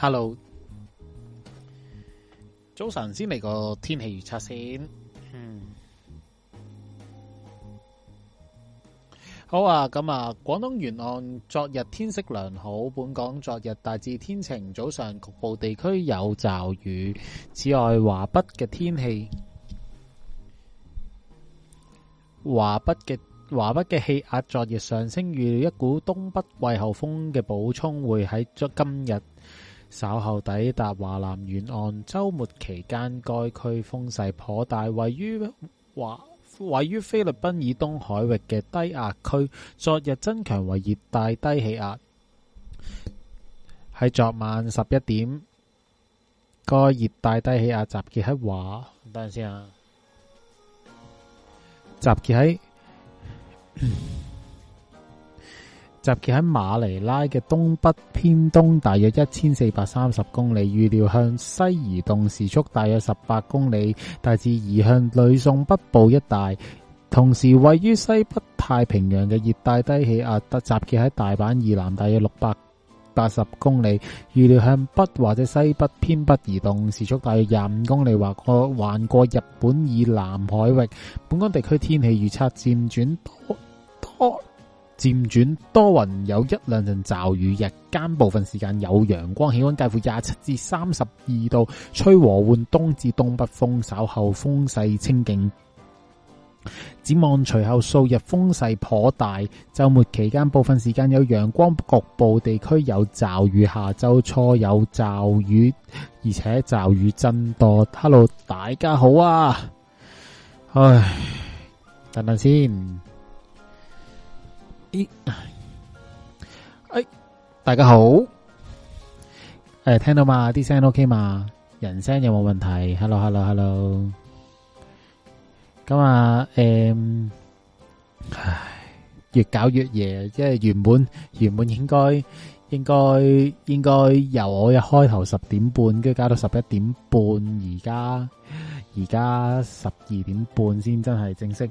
Hello，早晨先嚟個天氣預測先。嗯，好啊。咁啊，廣東沿岸昨日天色良好，本港昨日大致天晴，早上局部地區有驟雨。此外，華北嘅天氣，華北嘅華北嘅氣壓昨日上升，預料一股東北季候風嘅補充，會喺今日。稍後抵達華南沿岸。周末期間，該區風勢頗大。位於華位於菲律賓以東海域嘅低壓區，昨日增強為熱帶低氣壓，喺昨晚十一點，該熱帶低氣壓集結喺華。等陣先啊，集結喺。 集結喺馬尼拉嘅東北偏東大約一千四百三十公里，預料向西移動，時速大約十八公里，大致移向呂宋北部一帶。同時，位於西北太平洋嘅熱帶低氣壓得集結喺大阪以南大約六百八十公里，預料向北或者西北偏北移動，時速大約廿五公里，劃過橫過日本以南海域。本港地區天氣預測漸轉多。多漸轉多雲，有一兩陣驟雨，日間部分時間有陽光，氣溫介乎廿七至三十二度，吹和緩東至東北風，稍後風勢清勁。展望隨後數日風勢頗大，週末期間部分時間有陽光，局部地區有驟雨，下週初有驟雨，而且驟雨增多。Hello，大家好啊！唉，等等先。哎，哎，大家好，誒，聽到嘛？啲聲 OK 嘛？人聲有冇問題？Hello，Hello，Hello。咁啊，誒，唉，越搞越夜，即係原本原本應該應該應該由我一開頭十點半，跟住搞到十一點半，而家而家十二點半先真係正式。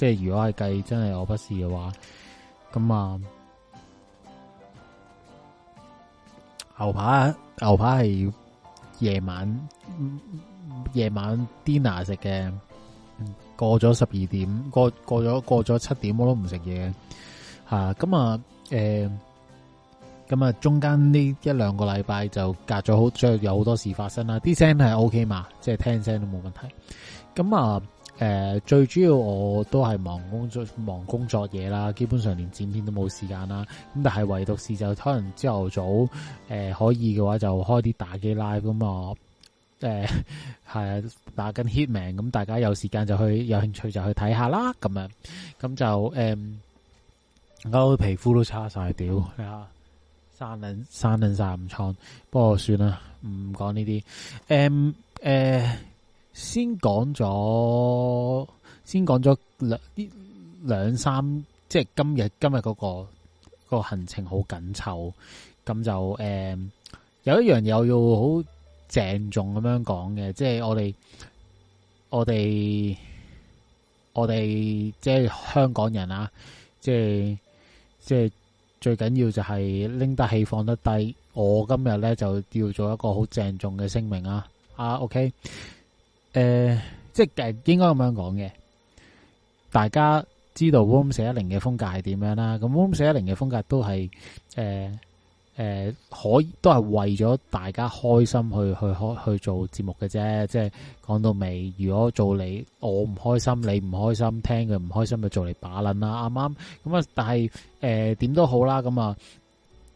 即係如果係計真係我不試嘅話，咁啊牛扒牛扒係夜晚夜、嗯、晚 dinner 食嘅、嗯，過咗十二點過過咗過咗七點我都唔食嘢吓咁啊誒，咁啊、欸、啊中間呢一兩個禮拜就隔咗好，即有好多事發生啦。啲聲係 OK 嘛，即係聽聲都冇問題。咁啊。誒、呃、最主要我都係忙工作忙工作嘢啦，基本上連剪片都冇時間啦。咁但係唯獨是就可能朝頭早誒、呃、可以嘅話，就開啲打機 live 咁、嗯、啊！誒係、呃、打緊 Hitman，咁大家有時間就去，有興趣就去睇下啦。咁樣咁就誒，我、呃嗯、皮膚都差曬屌，係呀、嗯！生生緊曬暗瘡，不過算啦，唔講呢啲。誒、呃呃先講咗，先講咗兩啲兩三，即係今日今日嗰、嗰個、嗰個行程好緊湊，咁就誒、嗯、有一樣嘢要好鄭重咁樣講嘅，即係我哋我哋我哋即係香港人啊，即係即係最緊要就係拎得起放得低。我今日咧就要做一個好鄭重嘅聲明啊，啊，OK。誒、呃，即係誒，應該咁樣講嘅。大家知道 w o r m 四一零嘅風格係點樣啦。咁 w o r m 四一零嘅風格都係誒誒，可以都係為咗大家開心去去開去做節目嘅啫。即係講到尾，如果做你我唔開心，你唔開心，聽佢唔開心，就做嚟把捻啦，啱唔啱？咁啊，但係誒，點都好啦，咁啊，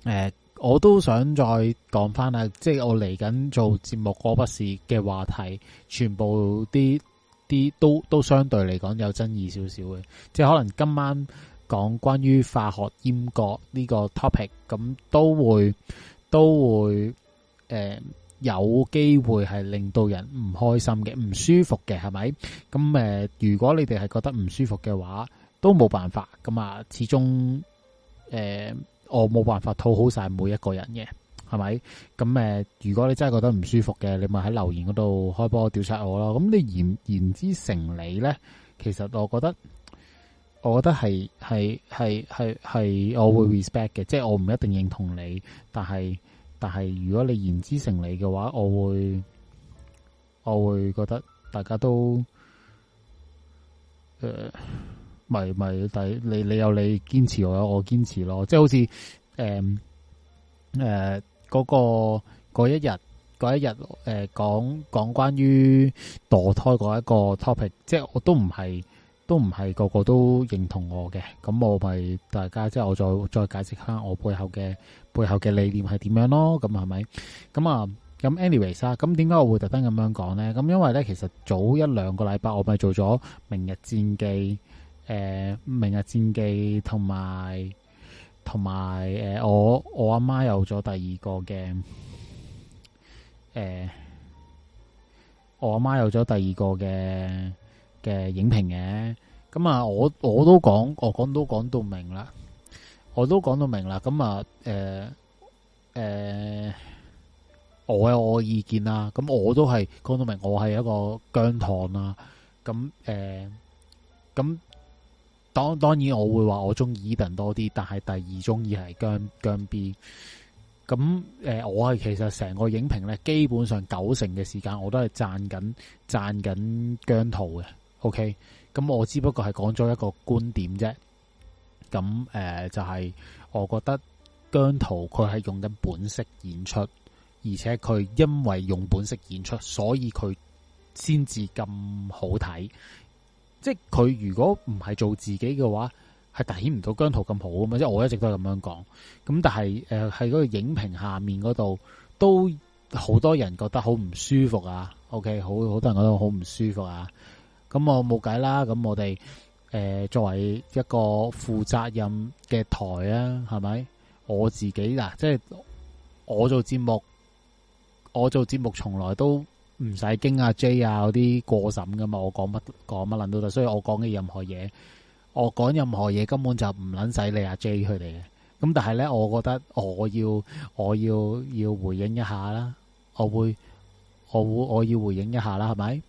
誒。呃我都想再講返啊，即係我嚟緊做節目《哥不是》嘅話題，全部啲啲都都相對嚟講有爭議少少嘅，即係可能今晚講關於化學閹割呢個 topic，咁、嗯、都會都會誒、呃、有機會係令到人唔開心嘅、唔舒服嘅，係咪？咁、嗯呃、如果你哋係覺得唔舒服嘅話，都冇辦法，咁、嗯、啊，始終誒。呃我冇辦法討好晒每一個人嘅，係咪？咁誒，如果你真係覺得唔舒服嘅，你咪喺留言嗰度開波調查我咯。咁你言言之成理呢？其實我覺得，我覺得係係係係係我會 respect 嘅，嗯、即係我唔一定認同你，但係但係如果你言之成理嘅話，我會我會覺得大家都誒。呃咪咪，但係你你有你堅持，我有我堅持咯。即係好似誒誒嗰個，嗰一日嗰一日誒、呃、講講關於墮胎嗰一個 topic，即係我都唔係都唔係個個都認同我嘅。咁我咪大家即係我再再解釋下我背後嘅背後嘅理念係點樣咯。咁係咪咁啊？咁 anyways 啊，咁點解我會特登咁樣講呢？咁因為咧，其實早一兩個禮拜我咪做咗《明日戰記》。誒、啊，明日戰記同埋同埋，誒、啊，我我阿媽有咗第二個嘅，誒、啊，我阿媽有咗第二個嘅嘅影評嘅，咁啊，我我都講，我講都講到明啦，我都講到明啦，咁啊，誒、啊，誒、啊，我有我嘅意見啦、啊，咁我都係講到明，我係一個姜糖啦，咁誒、啊，咁、啊。當當然我會話我中意伊頓多啲，但係第二中意係姜姜 B。咁誒、呃，我係其實成個影評呢，基本上九成嘅時間我都係讚緊讚緊姜濤嘅。OK，咁我只不過係講咗一個觀點啫。咁誒、呃，就係、是、我覺得姜濤佢係用緊本色演出，而且佢因為用本色演出，所以佢先至咁好睇。即係佢如果唔係做自己嘅話，係凸顯唔到姜濤咁好啊嘛！即係我一直都係咁樣講。咁但係誒喺嗰個影評下面嗰度，都好多人覺得好唔舒服啊。OK，好好多人覺得好唔舒服啊。咁我冇計啦。咁我哋誒、呃、作為一個負責任嘅台啊，係咪？我自己嗱，即係我做節目，我做節目從來都。唔使驚阿 J 啊嗰啲過審噶嘛，我講乜講乜捻到，所以我講嘅任何嘢，我講任何嘢根本就唔捻使理阿 J 佢哋嘅。咁但係呢，我覺得我要我要要回應一下啦，我會我會我要回應一下啦，係咪？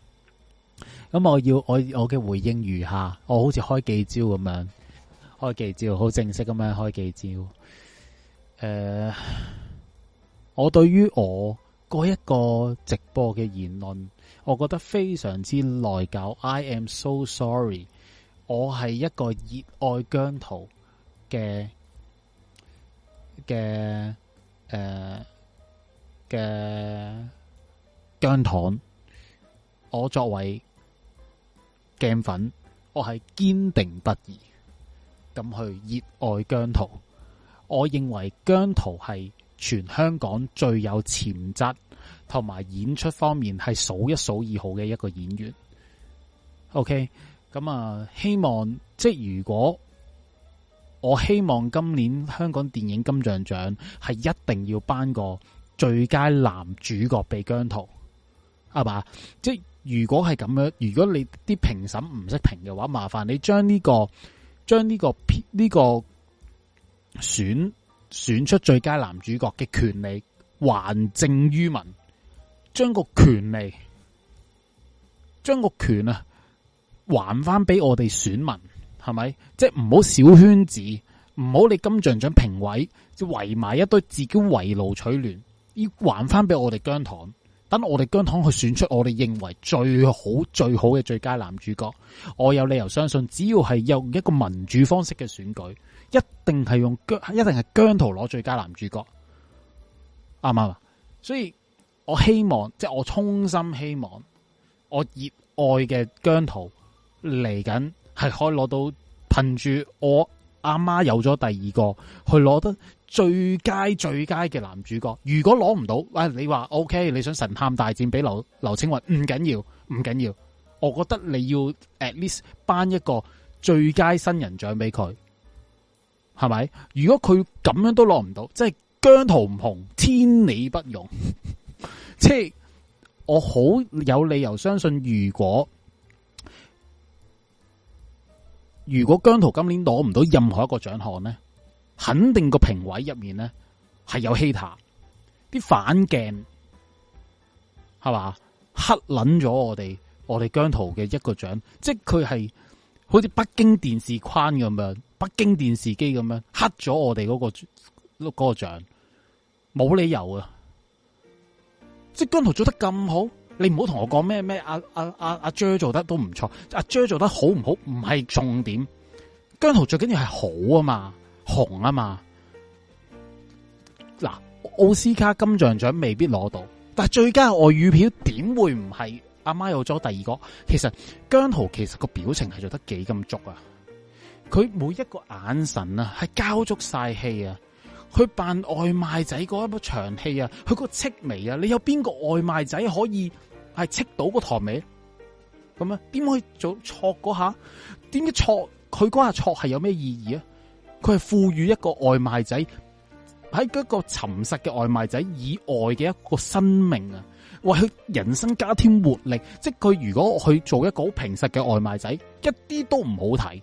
咁我要我我嘅回應如下，我好似開記招咁樣，開記招好正式咁樣開記招。誒、呃，我對於我。我一個直播嘅言論，我覺得非常之內疚。I am so sorry，我係一個熱愛姜濤嘅嘅誒嘅姜糖。我作為鏡粉，我係堅定不移咁去熱愛姜濤，我認為姜濤係全香港最有潛質。同埋演出方面係數一數二好嘅一個演員。O K，咁啊，希望即係如果我希望今年香港電影金像獎係一定要頒個最佳男主角俾姜濤，係嘛？即係如果係咁樣，如果你啲評審唔識評嘅話，麻煩你將呢個將呢個呢個選選出最佳男主角嘅權利還政於民。將個權利，將個權啊，還翻俾我哋選民，係咪？即係唔好小圈子，唔好你金像獎評委就圍埋一堆自己圍爐取暖，要還翻俾我哋姜糖，等我哋姜糖去選出我哋認為最好最好嘅最佳男主角。我有理由相信，只要係用一個民主方式嘅選舉，一定係用姜，一定係姜濤攞最佳男主角，啱唔啱啊？所以。我希望，即係我衷心希望，我熱愛嘅姜濤嚟緊係可以攞到憑住我阿媽有咗第二個，去攞得最佳最佳嘅男主角。如果攞唔到，喂、哎，你話 OK，你想神探大戰俾劉劉青雲？唔緊要，唔緊要。我覺得你要 at least 頒一個最佳新人獎俾佢，係咪？如果佢咁樣都攞唔到，即係姜濤唔紅，天理不容。 即係我好有理由相信如果，如果如果姜濤今年攞唔到任何一個獎項咧，肯定個評委入面咧係有 hater 啲反鏡，係嘛，黑捻咗我哋我哋姜濤嘅一個獎，即係佢係好似北京電視框咁樣，北京電視機咁樣黑咗我哋嗰、嗰個碌嗰、嗰個獎，冇理由啊。即姜濤做得咁好，你唔好同我講咩咩阿阿阿阿 Jer 做得都唔錯，阿、啊、Jer 做得好唔好唔係重點，姜濤最緊要係好啊嘛，紅啊嘛。嗱、啊，奧斯卡金像獎未必攞到，但最佳外語片點會唔係？阿、啊、媽有咗第二個，其實姜濤其實個表情係做得幾咁足啊，佢每一個眼神啊係交足晒氣啊。佢扮外賣仔嗰一場長戲啊，佢個個戚眉啊，你有邊個外賣仔可以係戚到個台尾？咁啊？點可以做錯嗰下？點解錯佢嗰下錯係有咩意義啊？佢係賦予一個外賣仔喺一個沉實嘅外賣仔以外嘅一個生命啊，為佢人生加添活力。即係佢如果去做一個好平實嘅外賣仔，一啲都唔好睇。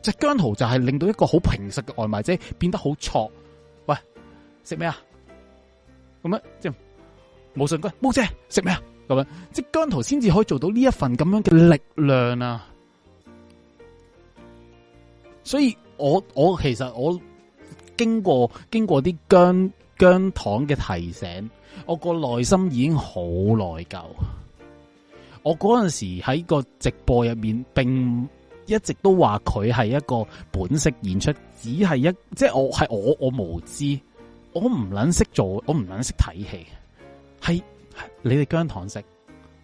只姜濤就係令到一個好平實嘅外賣仔變得好錯。食咩啊？咁樣即係冇信君，冇借食咩啊？咁樣即係姜濤先至可以做到呢一份咁樣嘅力量啊！所以我我其實我經過經過啲姜姜糖嘅提醒，我個內心已經好內疚。我嗰陣時喺個直播入面，並一直都話佢係一個本色演出，只係一即係、就是、我係我我無知。我唔捻識做，我唔捻識睇戲，係你哋姜糖識，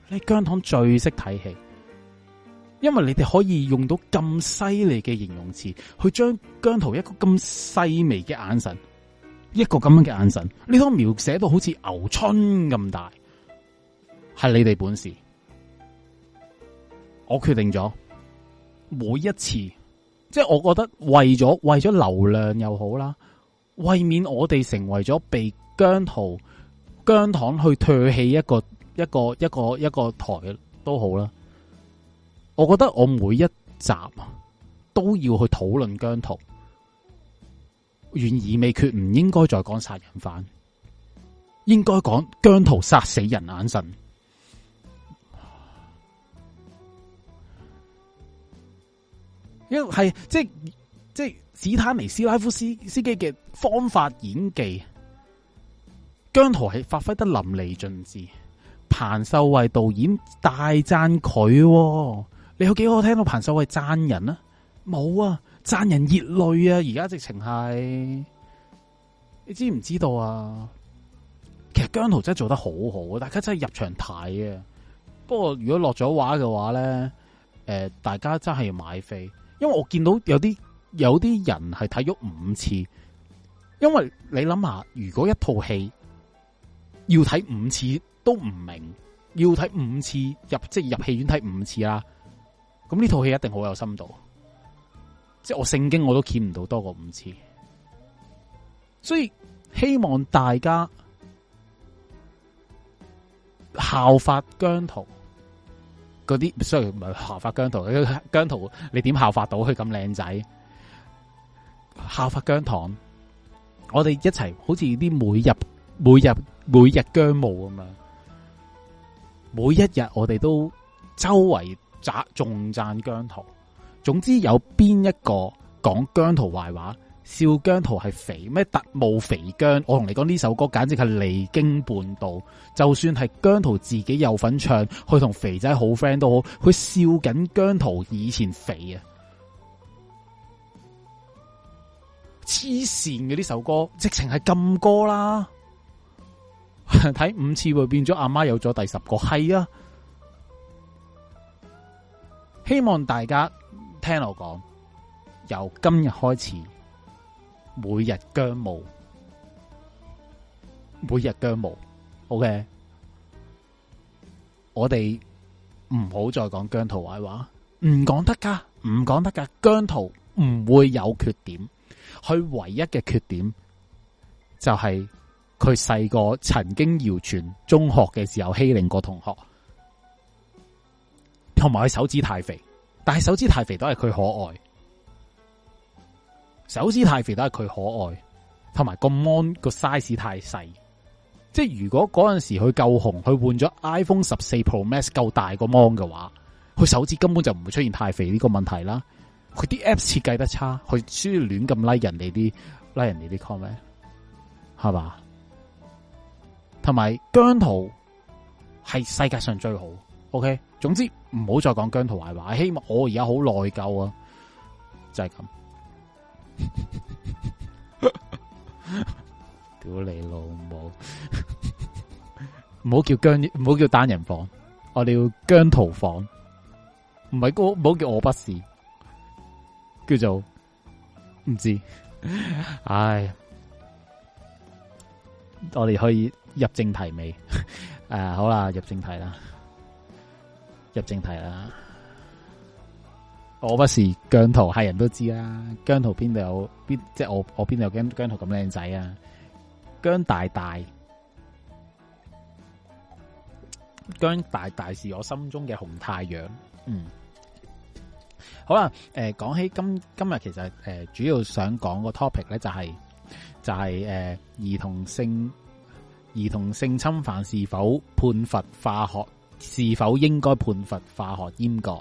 你姜糖最識睇戲，因為你哋可以用到咁犀利嘅形容詞去將姜濤一個咁細微嘅眼神，一個咁樣嘅眼神，你都描寫到好似牛春咁大，係你哋本事。我決定咗，每一次，即係我覺得為咗為咗流量又好啦。為免我哋成為咗被姜濤姜糖去唾棄一個一個一個一個一個台都好啦，我覺得我每一集都要去討論姜濤，懸而未決，唔應該再講殺人犯，應該講姜濤殺死人眼神是，因為係即即係史坦尼斯拉夫斯斯基嘅方法演技，姜濤係發揮得淋漓盡致。彭秀慧導演大讚佢，你有幾可聽到彭秀慧讚人啊？冇啊，讚人熱淚啊！而家直情係，你知唔知道啊？其實姜濤真係做得好好，大家真係入場睇啊。不過如果落咗畫嘅話咧，誒，大家真係要買飛，因為我見到有啲。有啲人係睇咗五次，因為你諗下，如果一套戲要睇五次都唔明，要睇五次入即係入戲院睇五次啦，咁呢套戲一定好有深度。即係我聖經我都見唔到多過五次，所以希望大家效法姜濤嗰啲，sorry 唔係效法姜濤，姜濤你點效法到佢咁靚仔？效法姜糖，我哋一齊好似啲每日、每日、每日姜母咁樣，每一日我哋都周圍讚、重讚姜濤。總之有邊一個講姜濤壞話，笑姜濤係肥咩特務肥姜？我同你講呢首歌簡直係離經叛道。就算係姜濤自己有份唱，佢同肥仔好 friend 都好，佢笑緊姜濤以前肥啊！黐線嘅呢首歌，直情係禁歌啦！睇 五次會變咗阿媽有咗第十個係啊！希望大家聽我講，由今日開始，每日薑毛，每日薑毛 OK，我哋唔好再講姜濤壞話，話，唔講得㗎，唔講得㗎，姜濤唔會有缺點。佢唯一嘅缺點就係佢細個曾經謠傳中學嘅時候欺凌過同學，同埋佢手指太肥，但係手指太肥都係佢可愛，手指太肥都係佢可愛，同埋個 mon 個 size 太細。即係如果嗰陣時佢夠紅，佢換咗 iPhone 十四 Pro Max 夠大個 mon 嘅話，佢手指根本就唔會出現太肥呢個問題啦。佢啲 app 設計得差，佢需要亂咁拉人哋啲拉人哋啲 comment，係嘛？同埋姜濤係世界上最好，OK。總之唔好再講姜濤壞話。希望我而家好內疚啊！就係、是、咁，屌你老母，唔好叫姜，唔好叫單人房，我哋叫姜濤房，唔係個，唔好叫我不是。叫做唔知， 唉，我哋可以入正題未？誒、 啊，好啦，入正題啦，入正題啦。我不是姜濤，係人都知啦、啊。姜濤邊度有邊？即係我我邊度有姜姜濤咁靚仔啊？姜大大，姜大大是我心中嘅紅太陽，嗯。好啦，誒、呃，講起今今日其實誒、呃，主要想講個 topic 咧，就係就係誒，兒童性兒童性侵犯是否判罰化學，是否應該判罰化學閹割？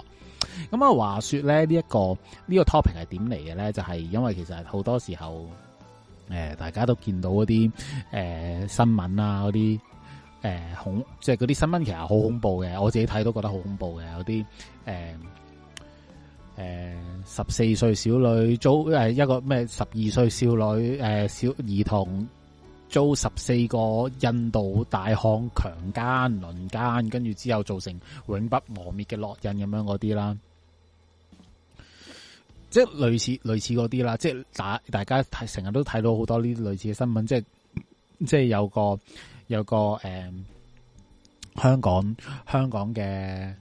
咁啊，話說咧呢一、這個、這個、呢個 topic 係點嚟嘅咧？就係、是、因為其實好多時候誒、呃，大家都見到嗰啲誒新聞啊，嗰啲誒恐，即係嗰啲新聞其實好恐怖嘅，我自己睇都覺得好恐怖嘅，有啲誒。呃誒，十四、呃、歲少女租誒、呃、一個咩？十二歲少女誒、呃、小兒童租十四個印度大漢強奸輪奸，跟住之後造成永不磨滅嘅烙印咁樣嗰啲啦，即係類似類似嗰啲啦，即係大大家成日都睇到好多呢啲類似嘅新聞，即係即係有個有個誒、呃、香港香港嘅。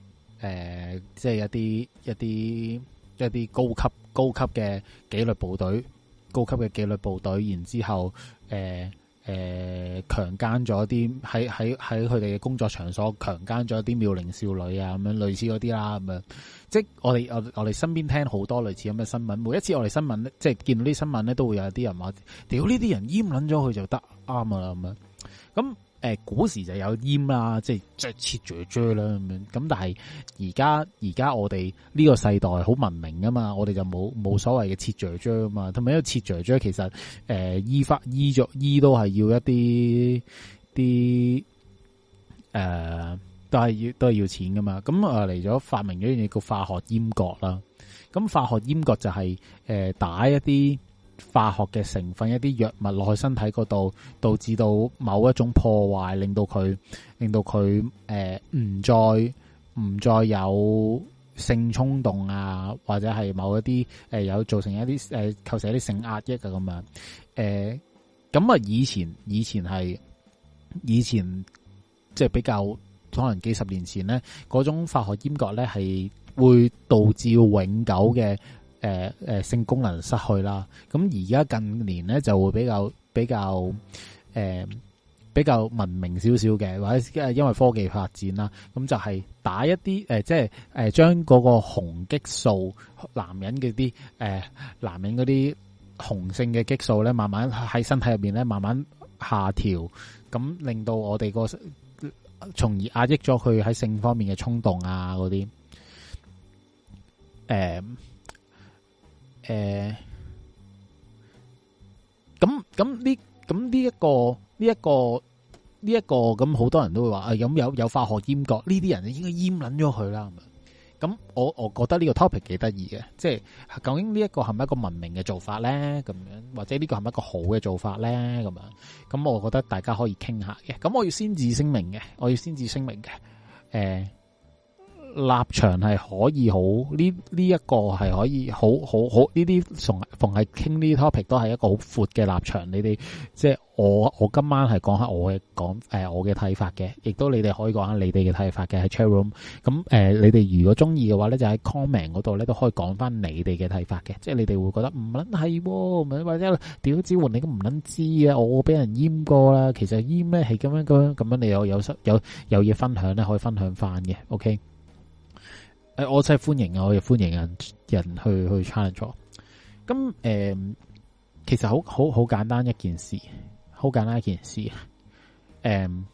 誒、呃，即係一啲一啲一啲高級高級嘅紀律部隊，高級嘅紀律部隊，然之後誒誒、呃呃、強姦咗啲喺喺喺佢哋嘅工作場所強姦咗啲妙齡少女啊，咁樣類似嗰啲啦咁樣，即係我哋我我哋身邊聽好多類似咁嘅新聞，每一次我哋新聞咧，即係見到啲新聞咧，都會有啲人話：屌呢啲人閹捻咗佢就得啱噶啦咁樣，咁。誒古時就有閹啦，即係著切雀雀啦咁咁，但係而家而家我哋呢個世代好文明㗎嘛，我哋就冇冇所謂嘅切雀雀啊嘛。同埋因為切雀雀其實誒醫法醫著醫都係要一啲啲誒，都係要都係要錢噶嘛。咁啊嚟咗發明咗樣嘢叫化學閹割啦、啊。咁化學閹割，就是就係誒打一啲。化學嘅成分一啲藥物落去身體嗰度，導致到某一種破壞，令到佢令到佢誒唔再唔再有性衝動啊，或者係某一啲誒、呃、有造成一啲誒、呃、構成一啲性壓抑啊咁、呃、樣。誒，咁啊以前以前係以前即係比較可能幾十年前咧，嗰種化學閹割咧係會導致永久嘅。誒誒，性功能失去啦。咁而家近年咧就會比較比較誒、呃、比較文明少少嘅，或者因為科技發展啦，咁就係打一啲誒、呃，即係誒、呃、將嗰個雄激素，男人嘅啲誒男人嗰啲雄性嘅激素咧，慢慢喺身體入邊咧，慢慢下調，咁令到我哋個從而壓抑咗佢喺性方面嘅衝動啊嗰啲誒。誒，咁咁呢，咁呢一個呢一個呢一個咁好多人都會話，咁、啊、有有，有化學閹割呢啲人應該閹撚咗佢啦咁。我我覺得呢個 topic 幾得意嘅，即係究竟呢一個係咪一個文明嘅做法咧？咁樣或者呢個係咪一個好嘅做法咧？咁樣咁，我覺得大家可以傾下嘅。咁我要先至聲明嘅，我要先至聲明嘅，誒、呃。立場係可以好呢？呢一、呢個係可以好好好呢啲從逢係傾呢 topic 都係一個好闊嘅立場。你哋即係我我今晚係講下我嘅講、呃、我嘅睇法嘅，亦都你哋可以講下你哋嘅睇法嘅喺 chat room。咁、呃、你哋如果中意嘅話咧，就喺 comment 嗰度咧都可以講翻你哋嘅睇法嘅。即係你哋會覺得唔撚係，喎、哦，或者屌子換你都唔撚知啊？我俾人閹過啦，其實閹咧係咁樣咁樣咁樣，樣樣你有有有有嘢分享咧，可以分享翻嘅。OK。誒、哎，我真係歡迎啊！我哋歡迎人人去去 challenge。咁誒、嗯，其實好好好簡單一件事，好簡單一件事。誒、嗯，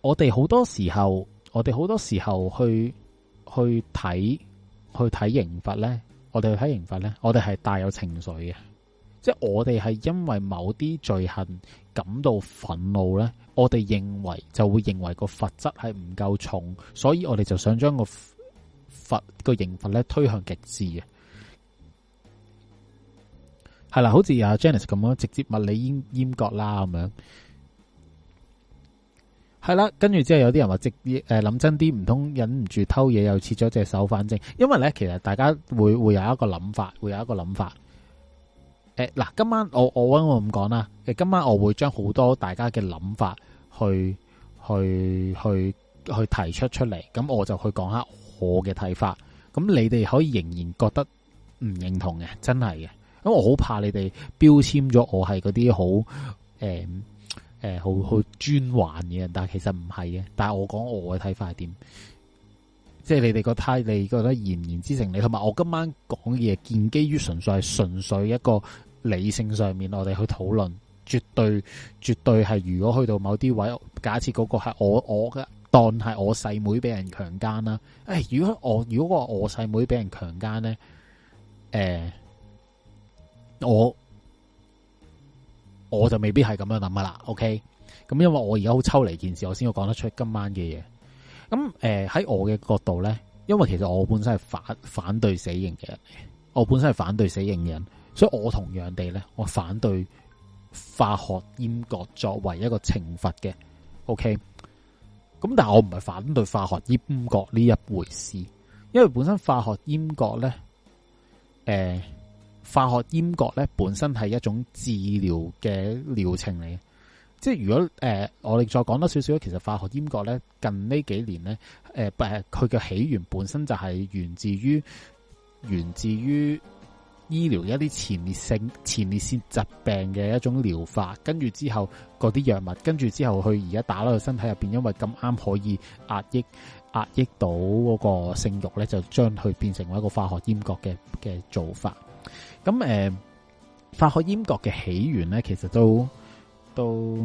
我哋好多時候，我哋好多時候去去睇去睇刑罰咧，我哋去睇刑罰咧，我哋係帶有情緒嘅。即係我哋係因為某啲罪行感到憤怒呢，我哋認為就會認為個罰則係唔夠重，所以我哋就想將個罰個刑罰呢推向極致嘅。係啦，好似阿 Janice 咁樣，直接物理閹閹割啦咁樣。係啦，跟住之後有啲人話直、呃、諗真啲，唔通忍唔住偷嘢又切咗隻手，反正，因為呢，其實大家會會有一個諗法，會有一個諗法。誒，嗱，今晚我我溫我咁講啦。誒，今晚我會將好多大家嘅諗法去去去去提出出嚟，咁我就去講下我嘅睇法。咁你哋可以仍然覺得唔認同嘅，真係嘅。咁我好怕你哋標籤咗我係嗰啲好誒誒好好專橫嘅人，但係其實唔係嘅。但係我講我嘅睇法係點？即係你哋個你覺得言言之成你同埋我今晚講嘢建基於純粹係純粹一個。理性上面，我哋去討論，絕對絕對係。如果去到某啲位，假設嗰個係我我嘅，當係我細妹俾人強姦啦。誒、哎，如果我如果個我細妹俾人強姦咧，誒、呃，我我就未必係咁樣諗啦。OK，咁因為我而家好抽離件事，我先會講得出今晚嘅嘢。咁誒，喺、呃、我嘅角度咧，因為其實我本身係反反對死刑嘅，我本身係反對死刑嘅人。所以我同樣地咧，我反對化學閹割作為一個懲罰嘅。OK，咁但係我唔係反對化學閹割呢一回事，因為本身化學閹割咧，誒、呃，化學閹割咧本身係一種治療嘅療程嚟嘅。即係如果誒、呃，我哋再講多少少，其實化學閹割咧，近呢幾年咧，誒、呃，誒，佢嘅起源本身就係源自於源自於。醫療一啲前列腺、前列腺疾病嘅一種療法，跟住之後嗰啲藥物，跟住之後佢而家打落去身體入邊，因為咁啱可以壓抑壓抑到嗰個性慾咧，就將佢變成一個化學閹割嘅嘅做法。咁、呃、化學閹割嘅起源咧，其實都都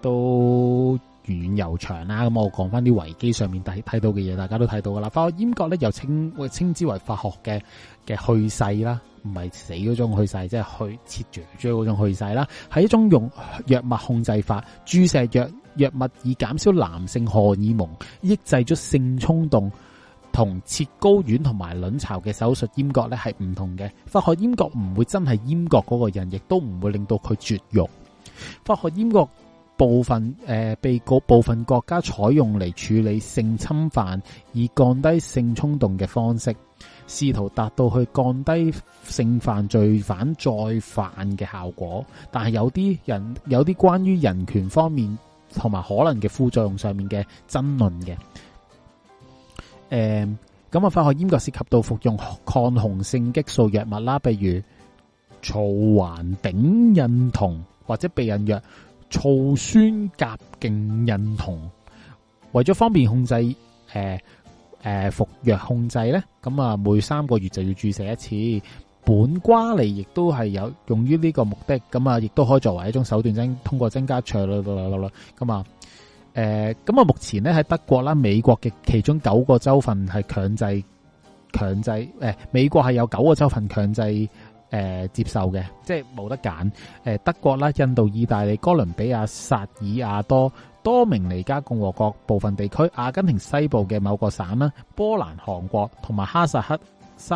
都。都圓又長啦，咁我講返啲維基上面睇睇到嘅嘢，大家都睇到噶啦。化學閹割咧，又稱，稱之為化學嘅嘅去勢啦，唔係死嗰種去世，即、就、係、是、去切除嗰種去勢啦，係一種用藥物控制法，注射藥，藥物以減少男性荷爾蒙，抑制咗性衝動同切睾丸同埋卵巢嘅手術。閹割咧係唔同嘅，化學閹割唔會真係閹割嗰個人，亦都唔會令到佢絕育。化學閹割。部分誒、呃，被告部分國家採用嚟處理性侵犯以降低性衝動嘅方式，試圖達到去降低性犯罪犯再犯嘅效果。但係有啲人有啲關於人權方面同埋可能嘅副作用上面嘅爭論嘅。誒、呃，咁啊，化學閹割涉及到服用抗雄性激素藥物啦，譬、啊、如醋環丙孕酮或者避孕藥。醋酸甲勁孕酮，為咗方便控制，誒、呃、誒、呃、服藥控制咧，咁啊每三個月就要注射一次。本瓜嚟，亦都係有用於呢個目的，咁啊亦都可以作為一種手段，增通過增加灼啦啦啦啦咁啊，誒咁啊目前咧喺德國啦、美國嘅其中九個州份係強制強制，誒、呃、美國係有九個州份強制。誒，接受嘅，即係冇得揀。誒，德國啦、印度、意大利、哥倫比亞、薩爾亞多、多明尼加共和國部分地區、阿根廷西部嘅某個省啦、波蘭、韓國同埋哈薩克、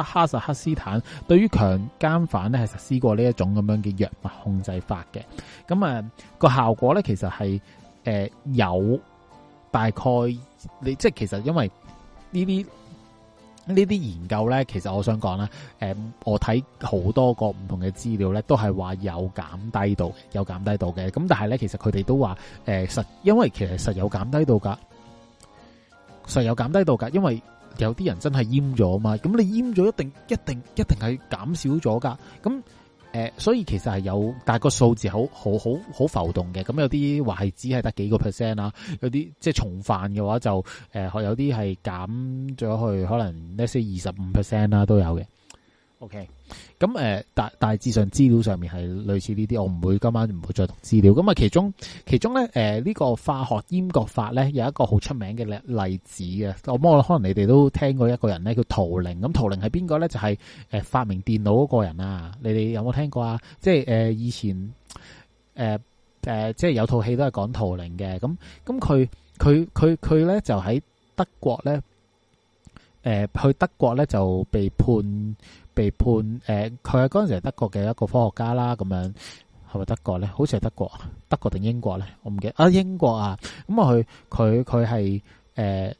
哈薩克斯坦，對於強姦犯咧，係實施過呢一種咁樣嘅藥物控制法嘅。咁啊，個效果咧其實係誒、呃、有，大概你即係其實因為呢啲。呢啲研究呢，其實我想講啦。誒、嗯，我睇好多個唔同嘅資料呢，都係話有減低到，有減低到嘅。咁但係呢，其實佢哋都話，誒、嗯，實因為其實實有減低到㗎，實有減低到㗎，因為有啲人真係閹咗嘛。咁你閹咗一定一定一定係減少咗㗎。咁、嗯誒、呃，所以其實係有，但係個數字好好好好浮動嘅，咁有啲話係只係得幾個 percent 啦、啊，有啲即係從犯嘅話就誒、呃，有啲係減咗去可能呢四二十五 percent 啦都有嘅。OK，咁誒大大致上資料上面係類似呢啲，我唔會今晚唔會再讀資料。咁啊，其中其中咧誒呢、呃這個化學閹割法咧有一個好出名嘅例子嘅。我可能你哋都聽過一個人咧叫圖靈。咁、嗯。圖靈係邊個咧？就係、是、誒、呃、發明電腦嗰個人啊。你哋有冇聽過啊？即係誒、呃、以前誒誒、呃呃，即係有套戲都係講圖靈嘅。咁咁佢佢佢佢咧就喺德國咧誒、呃、去德國咧就被判。被判誒，佢係嗰陣時德國嘅一個科學家啦，咁樣係咪德國咧？好似係德國，德國定英國咧？我唔記得啊，英國啊，咁啊佢佢佢係誒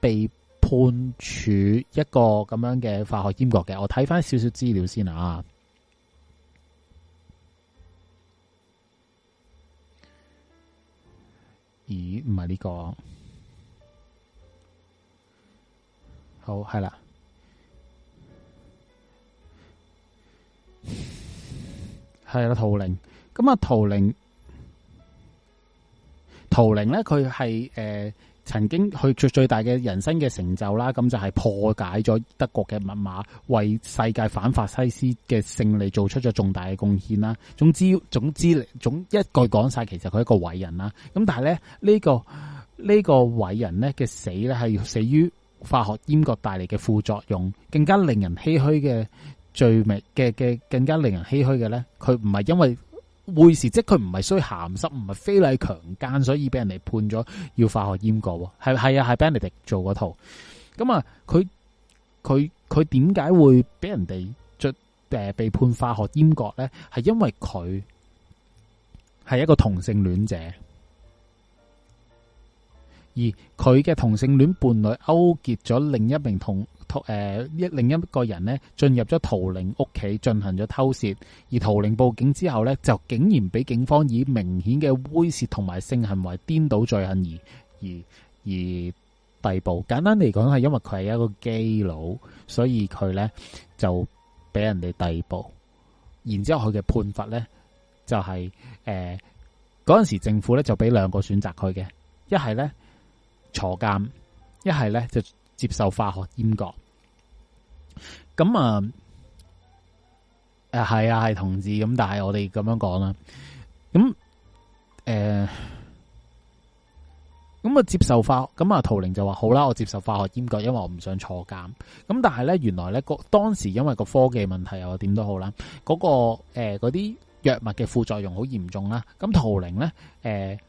被判處一個咁樣嘅化學閹割嘅，我睇翻少少資料先啊。咦？唔係呢個，好係啦。對了係啦，圖靈咁啊，圖靈，圖靈呢，佢係誒，曾經去最最大嘅人生嘅成就啦，咁就係、是、破解咗德國嘅密碼，為世界反法西斯嘅勝利做出咗重大嘅貢獻啦。總之，總之，總一句講晒，其實佢係一個偉人啦。咁但係呢，呢、這個呢、這個偉人呢嘅死呢，係死於化學閹割帶嚟嘅副作用，更加令人唏噓嘅。最尾嘅嘅更加令人唏噓嘅咧，佢唔係因為猥褻，即係佢唔係衰鹹濕，唔係非禮強姦，所以俾人哋判咗要化學閹割。係係啊，係 Benedict 做嗰套。咁啊，佢佢佢點解會俾人哋着誒被判化學閹割咧？係因為佢係一個同性戀者，而佢嘅同性戀伴侶勾結咗另一名同。誒，一、呃、另一個人咧進入咗圖靈屋企進行咗偷竊，而圖靈報警之後呢就竟然俾警方以明顯嘅猥褻同埋性行為顛倒罪行而而而逮捕。簡單嚟講，係因為佢係一個基佬，所以佢呢就俾人哋逮捕。然之後佢嘅判罰呢，就係誒嗰陣時政府呢就俾兩個選擇佢嘅，一係呢，坐監，一係呢，就。接受化學閹割，咁啊，誒係啊係同志，咁但係我哋咁樣講啦，咁誒，咁啊接受化，咁啊圖靈、啊、就話好啦，我接受化學閹割，因為我唔想坐監，咁但係咧原來咧個當時因為個科技問題又點都好啦，嗰、那個誒嗰啲藥物嘅副作用好嚴重啦，咁圖靈咧誒。啊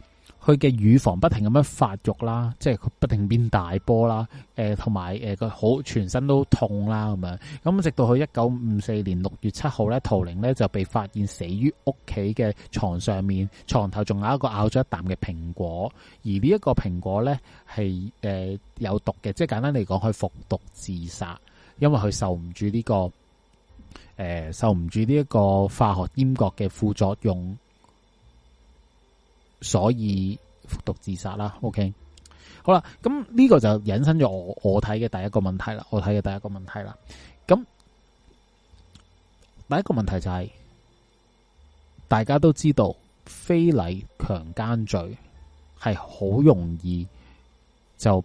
佢嘅乳房不停咁樣發育啦，即係佢不停變大波啦，同埋誒佢好全身都痛啦咁樣，咁直到佢一九五四年六月七號咧，圖靈咧就被發現死於屋企嘅床上面，床頭仲有一個咬咗一啖嘅蘋果，而呢一個蘋果咧係、呃、有毒嘅，即係簡單嚟講，佢服毒自殺，因為佢受唔住呢、呢個、呃、受唔住呢一個化學閹割嘅副作用。所以服毒自殺啦，OK，好啦，咁呢個就引申咗我我睇嘅第一個問題啦，我睇嘅第一個問題啦，咁第一個問題就係、是、大家都知道，非禮強奸罪係好容易就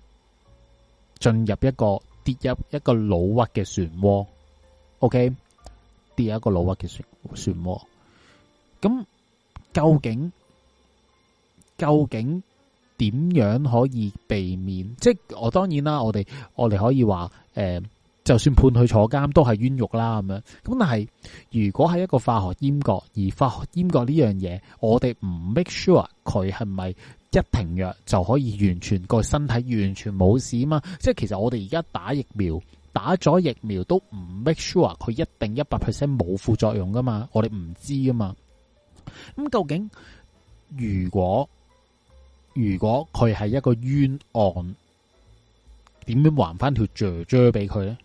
進入一個跌入一個老屈嘅漩渦，OK 跌入一個老屈嘅漩漩渦，咁究竟？究竟點樣可以避免？即我當然啦，我哋我哋可以話誒、呃，就算判佢坐監都係冤獄啦咁樣。咁但係如果係一個化學閹割而化學閹割呢樣嘢，我哋唔 make sure 佢係咪一停藥就可以完全個身體完全冇事啊嘛？即係其實我哋而家打疫苗打咗疫苗都唔 make sure 佢一定一百 percent 冇副作用噶嘛？我哋唔知啊嘛。咁究竟如果？如果佢係一個冤案，點樣還翻條雀雀俾佢呢？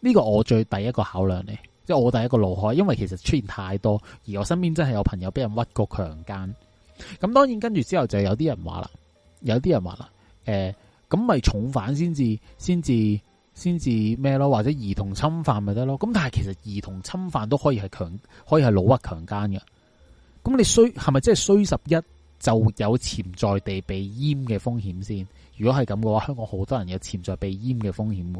呢個我最第一個考量呢，即係我第一個腦海，因為其實出現太多，而我身邊真係有朋友俾人屈過強姦。咁當然跟住之後就有啲人話啦，有啲人話啦，誒、欸，咁咪重犯先至，先至，先至咩咯？或者兒童侵犯咪得咯？咁但係其實兒童侵犯都可以係強，可以係老屈強姦嘅。咁你衰係咪真係衰十一？就有潛在地被淹嘅風險先。如果係咁嘅話，香港好多人有潛在被淹嘅風險，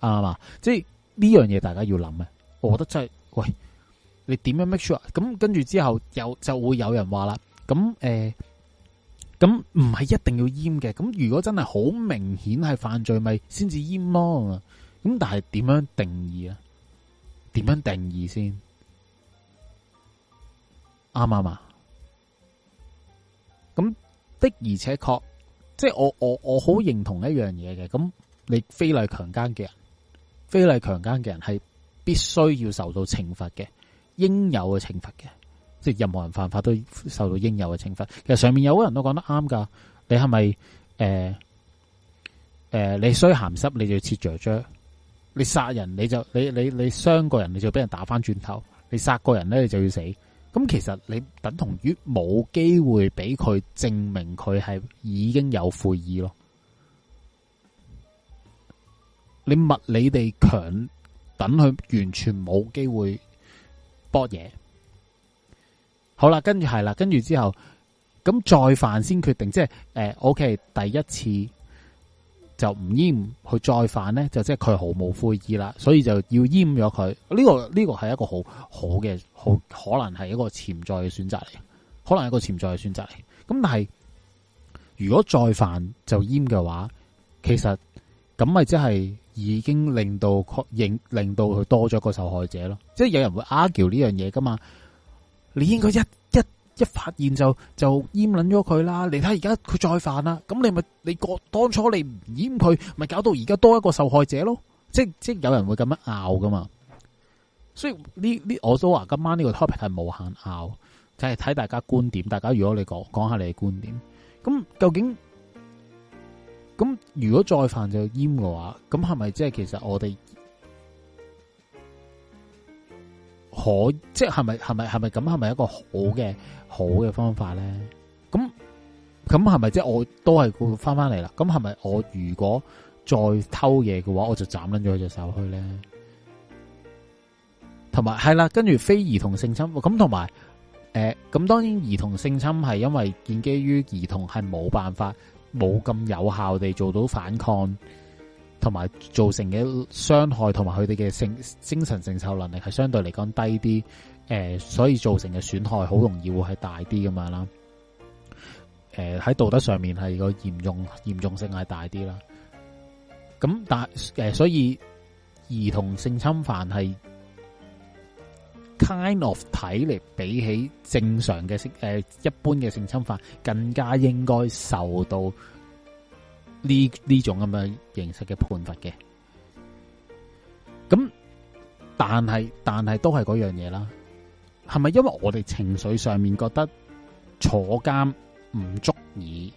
啱嘛？即係呢樣嘢，大家要諗嘅。我覺得真係，喂，你點樣 make sure？咁跟住之後又，有就會有人話啦。咁誒，咁唔係一定要淹嘅。咁如果真係好明顯係犯罪，咪先至淹咯。咁但係點樣定義啊？點樣定義先？啱唔啱啊？咁的而且確，即係我我我好認同一樣嘢嘅。咁你非禮強奸嘅人，非禮強奸嘅人係必須要受到懲罰嘅，應有嘅懲罰嘅。即係任何人犯法都受到應有嘅懲罰。其實上面有個人都講得啱噶，你係咪誒誒？你衰咸濕，你就要切着灼；你殺人，你就你你你傷個人，你就俾人打翻轉頭；你殺個人咧，你就要死。咁其實你等同於冇機會俾佢證明佢係已經有悔意咯，你物理地強等佢完全冇機會博嘢，好啦，跟住係啦，跟住之後咁再犯先決定，即係誒，OK，第一次。就唔閹去再犯咧，就即係佢毫無悔意啦，所以就要閹咗佢。呢個呢個係一個好好嘅，好可能係一個潛在嘅選擇嚟，可能係一個潛在嘅選擇嚟。咁但係如果再犯就閹嘅話，其實咁咪即係已經令到確認令，令到佢多咗個受害者咯。即係有人會 argue 呢樣嘢噶嘛？你應該一。嗯一發現就就閹撚咗佢啦。你睇而家佢再犯啦，咁你咪你覺當初你唔閹佢，咪搞到而家多一個受害者咯？即即有人會咁樣拗㗎嘛？所以呢呢我都話今晚呢個 topic 係無限拗，就係睇大家觀點。大家如果你講講下你嘅觀點，咁究竟咁如果再犯就閹嘅話，咁係咪即係其實我哋？可即係咪係咪係咪咁係咪一個好嘅好嘅方法咧？咁咁係咪即係我都係佢翻翻嚟啦？咁係咪我如果再偷嘢嘅話，我就斬捻咗佢隻手去咧？同埋係啦，跟住非兒童性侵咁同埋誒，咁、欸、當然兒童性侵係因為建基於兒童係冇辦法冇咁有效地做到反抗。同埋造成嘅傷害，同埋佢哋嘅性精神承受能力係相對嚟講低啲，誒，所以造成嘅損害好容易會係大啲咁樣啦。誒，喺道德上面係個嚴重嚴重性係大啲啦。咁但係誒，所以兒童性侵犯係 kind of 睇嚟，比起正常嘅性誒一般嘅性侵犯更加應該受到。呢呢種咁嘅形式嘅判罰嘅，咁但係但係都係嗰樣嘢啦，係咪因為我哋情緒上面覺得坐監唔足以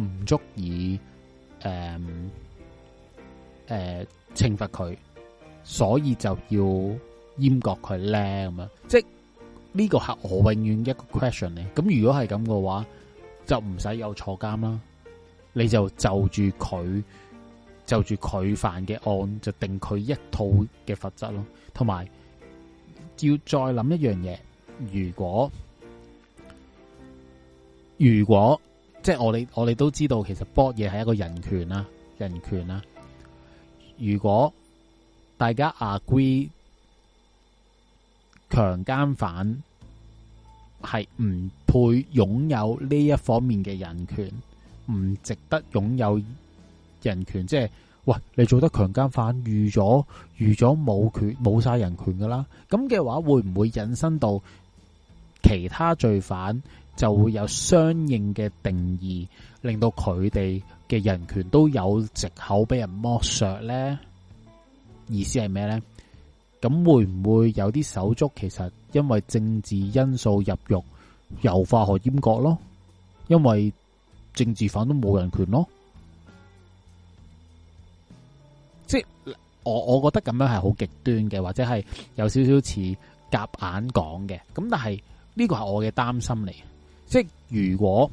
唔足以誒誒懲罰佢，所以就要閹割佢咧咁樣？即係呢個係我永遠嘅一個 question 咧。咁如果係咁嘅話，就唔使有坐監啦。你就就住佢，就住佢犯嘅案就定佢一套嘅罰則咯，同埋要再諗一樣嘢。如果如果即係我哋我哋都知道，其實搏嘢係一個人權啊，人權啊。如果大家 agree 強姦犯係唔配擁有呢一方面嘅人權。唔值得擁有人權，即係喂，你做得強姦犯，預咗預咗冇權冇晒人權噶啦，咁嘅話會唔會引申到其他罪犯就會有相應嘅定義，令到佢哋嘅人權都有藉口俾人剝削呢？意思係咩呢？咁會唔會有啲手足其實因為政治因素入獄，油化學閹割咯？因為政治犯都冇人權咯，即我我覺得咁樣係好極端嘅，或者係有少少似夾硬講嘅。咁但係呢個係我嘅擔心嚟，即如果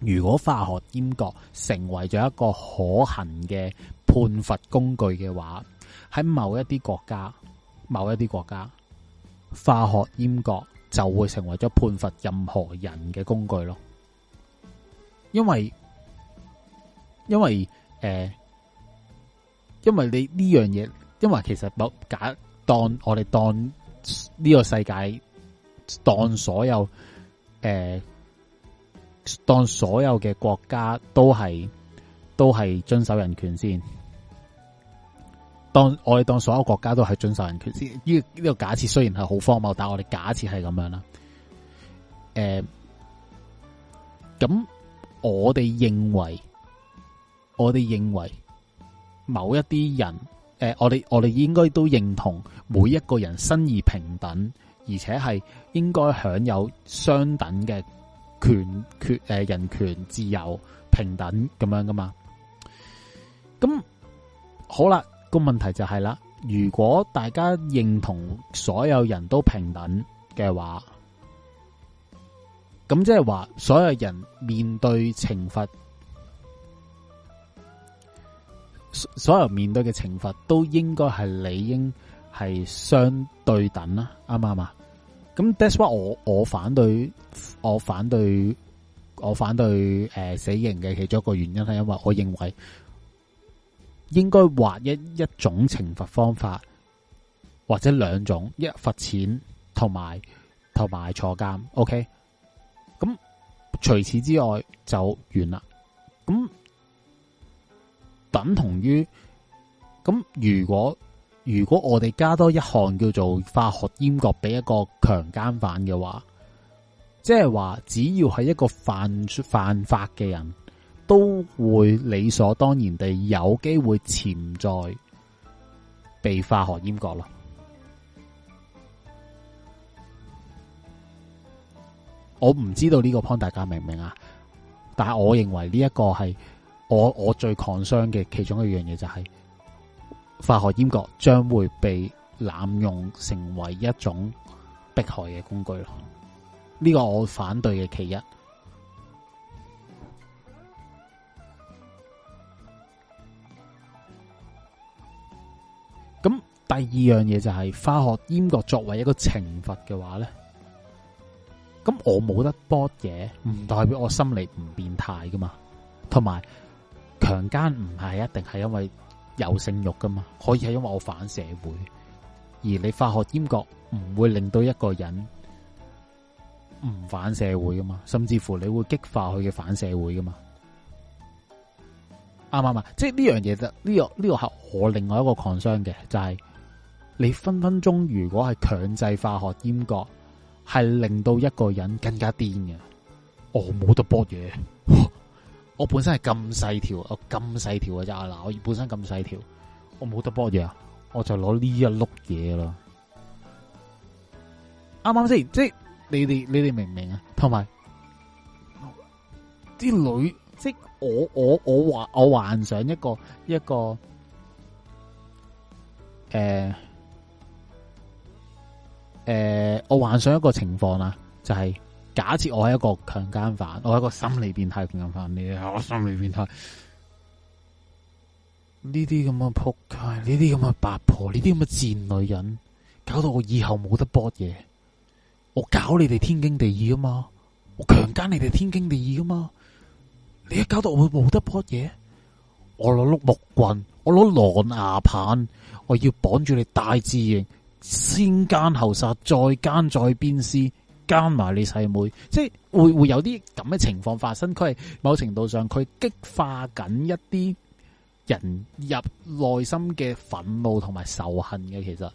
如果化學閹割成為咗一個可行嘅判罰工具嘅話，喺某一啲國家，某一啲國家，化學閹割就會成為咗判罰任何人嘅工具咯。因為因為誒、呃，因為你呢樣嘢，因為其實假我假當我哋當呢個世界當所有誒，當所有嘅、呃、國家都係都係遵守人權先，當我哋當所有國家都係遵守人權先，呢、呢、呢、個呢個假設雖然係好荒謬，但係我哋假設係咁樣啦。誒、呃，咁。我哋認為，我哋認為某一啲人，誒、呃，我哋我哋應該都認同每一個人生而平等，而且係應該享有相等嘅權、權，誒，人權、自由、平等咁樣㗎嘛。咁好啦，個問題就係、是、啦，如果大家認同所有人都平等嘅話。咁即係話，所有人面對懲罰，所有人面對嘅懲罰都應該係理應係相對等啦，啱唔啱啊？咁 that's why 我我反對，我反對，我反對誒、呃、死刑嘅其中一個原因係因為我認為應該劃一一種懲罰方法，或者兩種，一罰錢同埋同埋坐監，OK。除此之外就完啦，咁等同於咁如果如果我哋加多一項叫做化學閹割俾一個強姦犯嘅話，即係話只要係一個犯犯法嘅人都會理所當然地有機會潛在被化學閹割咯。我唔知道呢個 point 大家明唔明啊？但係我認為呢一個係我我最抗傷嘅其中一樣嘢，就係化學閹割將會被濫用成為一種迫害嘅工具咯。呢個我反對嘅其一。咁第二樣嘢，就係化學閹割作為一個懲罰嘅話咧。咁我冇得波嘢，唔代表我心理唔變態噶嘛。同埋強奸唔係一定係因為有性欲噶嘛，可以係因為我反社會。而你化學閹割唔會令到一個人唔反社會噶嘛，甚至乎你會激化佢嘅反社會噶嘛。啱唔啱？即係呢樣嘢，就呢、是這個呢、這個係、這個、我另外一個 concern 嘅，就係、是、你分分鐘如果係強制化學閹割。係令到一個人更加癲嘅，我、哦、冇得搏嘢。我本身係咁細條，我咁細條嘅咋嗱？我本身咁細條，我冇得搏嘢啊！我就攞呢一碌嘢咯。啱啱先，即係你哋，你哋明唔明啊？同埋啲女，即係我，我我幻我幻想一個一個誒。欸誒、呃，我幻想一個情況啦、啊，就係、是、假設我係一個強姦犯，我係一個心理變態嘅強姦犯，你係我心理變態，呢啲咁嘅撲街，呢啲咁嘅八婆，呢啲咁嘅賤女人，搞到我以後冇得搏嘢，我搞你哋天經地義啊嘛，我強姦你哋天經地義啊嘛，你一搞到我冇得搏嘢，我攞碌木棍，我攞狼牙棒，我要綁住你大字型。先姦後殺，再姦再鞭屍，姦埋你細妹，妹，即係會會有啲咁嘅情況發生。佢係某程度上，佢激化緊一啲人入內心嘅憤怒同埋仇恨嘅。其實，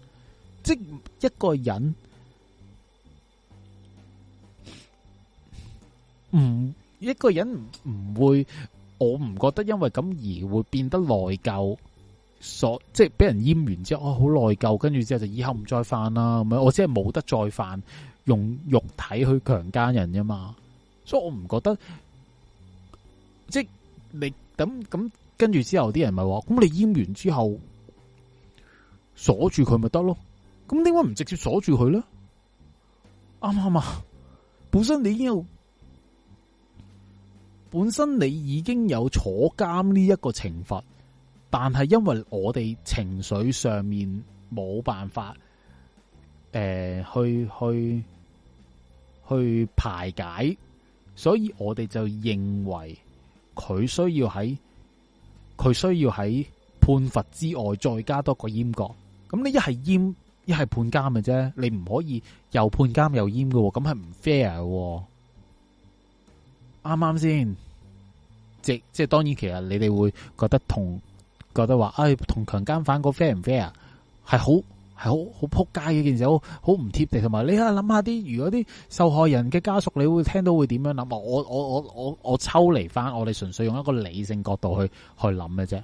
即一個人唔一個人唔唔會，我唔覺得因為咁而會變得內疚。所即係俾人閹完之後，哦，好內疚，跟住之後就以後唔再犯啦。咁樣我只係冇得再犯，用肉體去強姦人啫嘛。所以我唔覺得，即係你咁咁跟住之後，啲人咪話，咁你閹完之後鎖住佢咪得咯？咁點解唔直接鎖住佢呢？啱唔啱啊？本身你已經有，本身你已經有坐監呢一個懲罰。但係因為我哋情緒上面冇辦法，誒、呃，去去去排解，所以我哋就認為佢需要喺佢需要喺判罰之外再加多個閹割。咁你一係閹一係判監嘅啫，你唔可以又判監又閹嘅，咁係唔 fair。啱唔啱先？即即係當然，其實你哋會覺得同。覺得話，哎，同強姦犯個 fair 唔 fair 係係好係好好撲街嘅件事，好好唔貼地。同埋你啊，諗下啲如果啲受害人嘅家屬，你會聽到會點樣諗？我我我我我抽離翻，我哋純粹用一個理性角度去去諗嘅啫。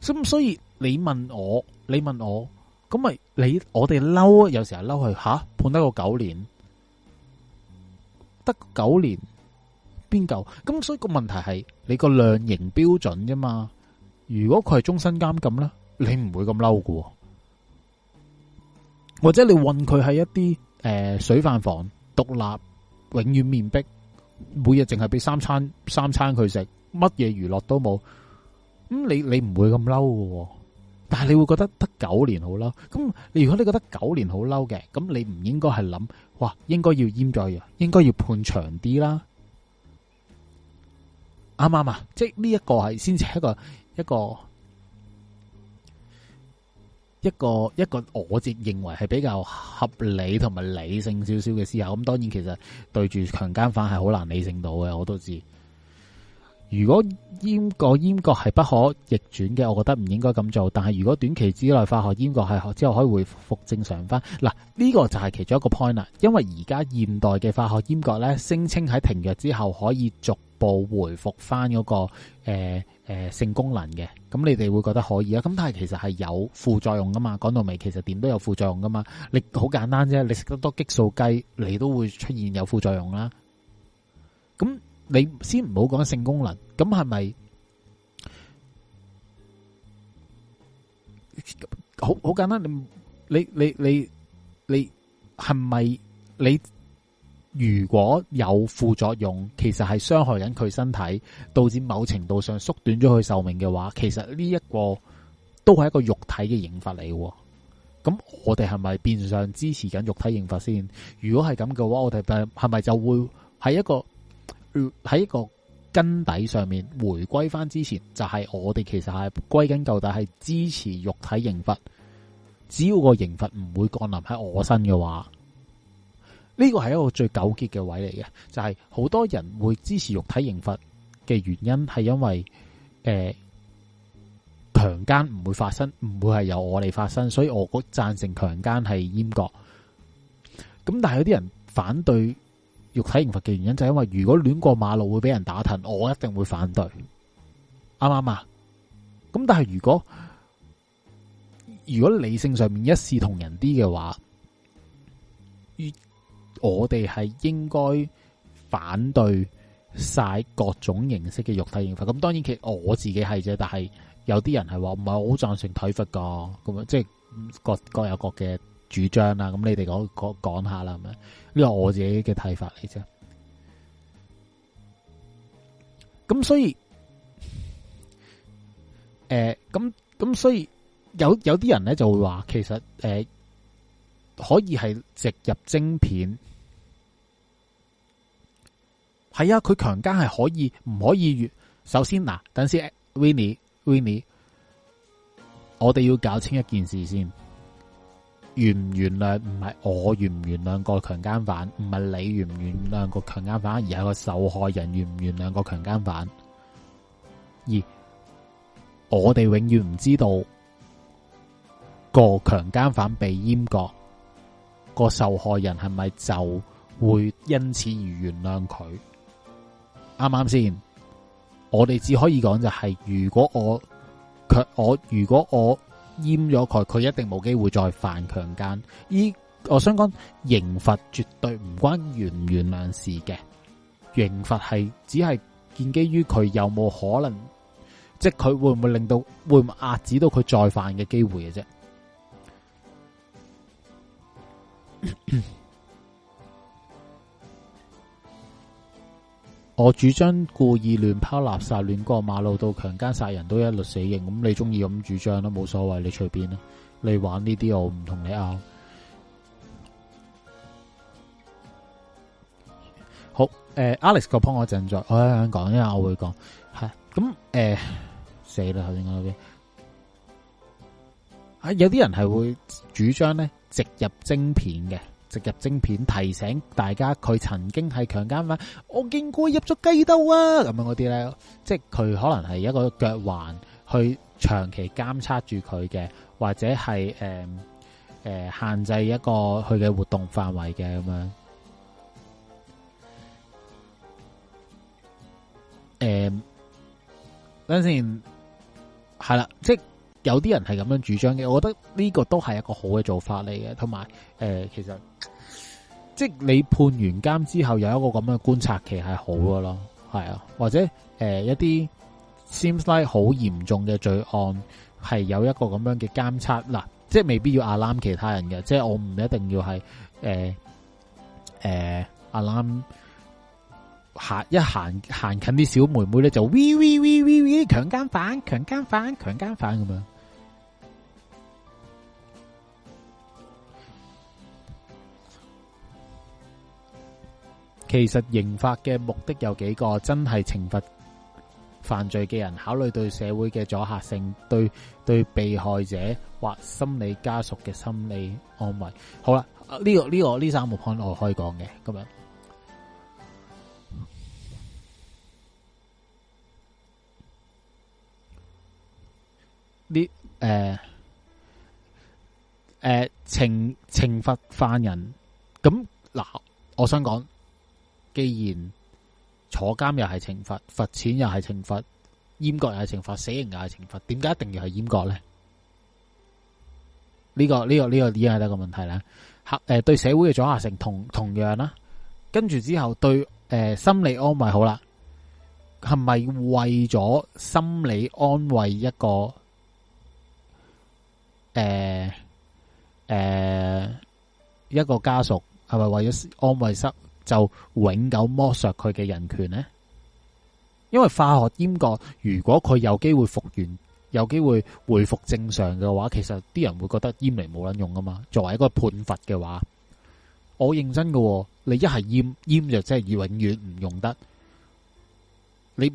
咁所以你問我，你問我，咁咪你我哋嬲，有時候嬲佢吓判得個九年，得九年。邊夠？咁所以個問題係你個量刑標準啫嘛。如果佢係終身監禁咧，你唔會咁嬲㗎。或者你混佢喺一啲誒、呃、水飯房，獨立永遠面壁，每日淨係俾三餐三餐佢食，乜嘢娛樂都冇。咁你你唔會咁嬲㗎。但係你會覺得得九年好嬲。咁你如果你覺得九年好嬲嘅，咁你唔應該係諗，哇，應該要閹咗啊，應該要判長啲啦。啱啱啊！即係呢一個係先至一個一個一個一個我自認為係比較合理同埋理性少少嘅思考。咁當然，其實對住強姦犯係好難理性到嘅，我都知。如果閹割閹割係不可逆轉嘅，我覺得唔應該咁做。但係如果短期之內化學閹割係之後可以回復正常翻，嗱、這、呢個就係其中一個 point 啦。因為而家現代嘅化學閹割呢，聲稱喺停藥之後可以續。部回復翻、那、嗰個誒誒、呃呃、性功能嘅，咁你哋會覺得可以啊？咁但係其實係有副作用噶嘛？講到尾其實點都有副作用噶嘛？你好簡單啫，你食得多激素雞，你都會出現有副作用啦。咁你先唔好講性功能，咁係咪好好簡單？你你你你係咪你？你你你是如果有副作用，其實係傷害緊佢身體，導致某程度上縮短咗佢壽命嘅話，其實呢一個都係一個肉體嘅刑罰嚟。咁我哋係咪變相支持緊肉體刑罰先？如果係咁嘅話，我哋係咪就會喺一個喺一個根底上面回歸翻之前？就係，是，我哋其實係歸根究底係支持肉體刑罰。只要個刑罰唔會降臨喺我身嘅話。呢個係一個最糾結嘅位嚟嘅，就係、是、好多人會支持肉體刑罰嘅原因係因為，誒、呃、強姦唔會發生，唔會係由我哋發生，所以我我贊成強姦係閹割。咁但係有啲人反對肉體刑罰嘅原因就係因為，如果亂過馬路會俾人打藤，我一定會反對。啱唔啱啊？咁但係如果如果理性上面一視同仁啲嘅話。我哋係應該反對晒各種形式嘅肉體懲罰。咁當然，其實我自己係啫。但係有啲人係話唔係好贊成體罰噶。咁啊，即係各各有各嘅主張啦。咁你哋講講下啦，咁呢個我自己嘅睇法嚟啫。咁所以，誒、呃，咁咁所以有有啲人咧就會話，其實誒、呃、可以係植入晶片。係啊，佢強奸係可以唔可以？可以越，首先嗱，等先，Vinny，Vinny，我哋要搞清一件事先，原唔原諒唔係我原唔原諒個強奸犯，唔係你原唔原諒個強奸犯，而係個受害人原唔原諒個強奸犯。而我哋永遠唔知道個強奸犯被閹割個受害人係咪就會因此而原諒佢。啱啱先，我哋只可以講就係、是，如果我佢我如果我閹咗佢，佢一定冇機會再犯強姦。依我想講，刑罰絕對唔關原唔原諒事嘅，刑罰係只係建基於佢有冇可能，即係佢會唔會令到會唔會遏止到佢再犯嘅機會嘅啫。咳咳我主張故意亂拋垃圾、亂過馬路到強姦殺人，都一律死刑。咁你中意咁主張咯，冇所謂，你隨便啦。你玩呢啲，我唔同你拗。好，誒、呃、 ，Alex 個 point 我一陣再講，我喺香港因為我會講吓。咁、啊、誒，死啦，頭先講到邊？啊，有啲人係會主張咧，植入晶片嘅。植入晶片，提醒大家佢曾經係強姦犯，我見過入咗雞兜啊。咁樣嗰啲咧，即係佢可能係一個腳環去長期監察住佢嘅，或者係誒誒限制一個佢嘅活動範圍嘅咁樣。誒、呃，等陣先，係啦，即有啲人係咁樣主張嘅，我覺得呢個都係一個好嘅做法嚟嘅，同埋誒，其實即係你判完監之後有一個咁樣觀察期係好嘅咯，係啊，或者誒、呃、一啲 seems like 好嚴重嘅罪案係有一個咁樣嘅監察，嗱，即係未必要阿 l 其他人嘅，即係我唔一定要係誒誒 a 行一行行近啲小妹妹咧，就威威威威威強姦犯，強姦犯，強姦犯咁樣。其實刑法嘅目的有幾個，真係懲罰犯罪嘅人，考慮對社會嘅阻嚇性，對對被害者或心理家屬嘅心理安慰。好啦，呢、啊這個呢、這個呢三個 point 我可以講嘅咁樣。今啲誒誒懲懲罰犯人咁，嗱，我想講，既然坐監又係懲罰，罰錢又係懲罰，閹割又係懲罰，死刑又係懲罰，點解一定要係閹割咧？呢、這個呢、這個呢、這個依家第一個問題咧，吓誒、呃、對社會嘅阻嚇性同同樣啦，跟住之後對誒、呃、心理安慰好啦，係咪為咗心理安慰一個？誒誒、啊啊，一個家屬係咪為咗安慰室，就永久剝削佢嘅人權呢？因為化學閹割，如果佢有機會復原，有機會回復正常嘅話，其實啲人會覺得閹嚟冇撚用噶嘛。作為一個判罰嘅話，我認真嘅、哦，你一係閹閹就即係要永遠唔用得你。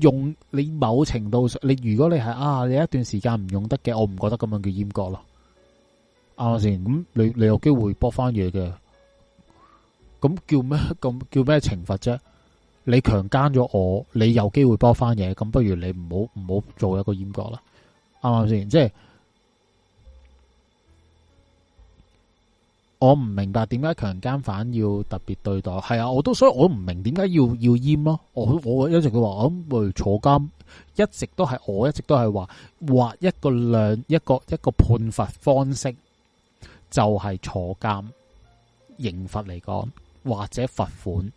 用你某程度上，你如果你係啊你有一段時間唔用得嘅，我唔覺得咁樣叫閹割咯，啱唔啱先？咁你你有機會搏翻嘢嘅，咁叫咩？咁叫咩懲罰啫？你強姦咗我，你有機會搏翻嘢，咁不如你唔好唔好做一個閹割啦，啱唔啱先？即係。我唔明白點解強姦犯要特別對待，係啊，我都所以我都唔明點解要要閹咯。我我一直佢話我會坐監，一直都係我一直都係話劃一個量一個一個判罰方式就坐，就係坐監刑罰嚟講，或者罰款、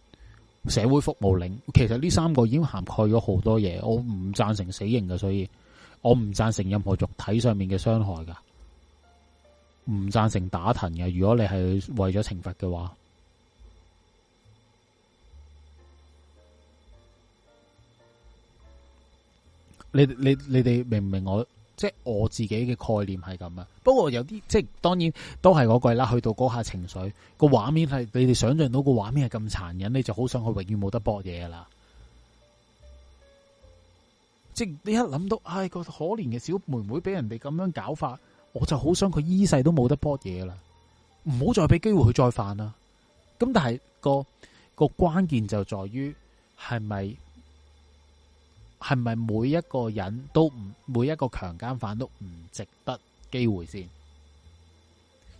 社會服務令，其實呢三個已經涵蓋咗好多嘢。我唔贊成死刑嘅，所以我唔贊成任何肉體上面嘅傷害噶。唔贊成打藤嘅，如果你係為咗懲罰嘅話，你你你哋明唔明我？即係我自己嘅概念係咁啊。不過有啲即係，當然都係嗰句啦。去到嗰下情緒，個畫面係你哋想象到個畫面係咁殘忍，你就好想去永遠冇得搏嘢啦。即係你一諗到，唉，個可憐嘅小妹妹俾人哋咁樣搞法。我就好想佢依世都冇得波嘢啦，唔好再俾機會佢再犯啦。咁但係個個關鍵就在於係咪係咪每一個人都唔每一個強姦犯都唔值得機會先？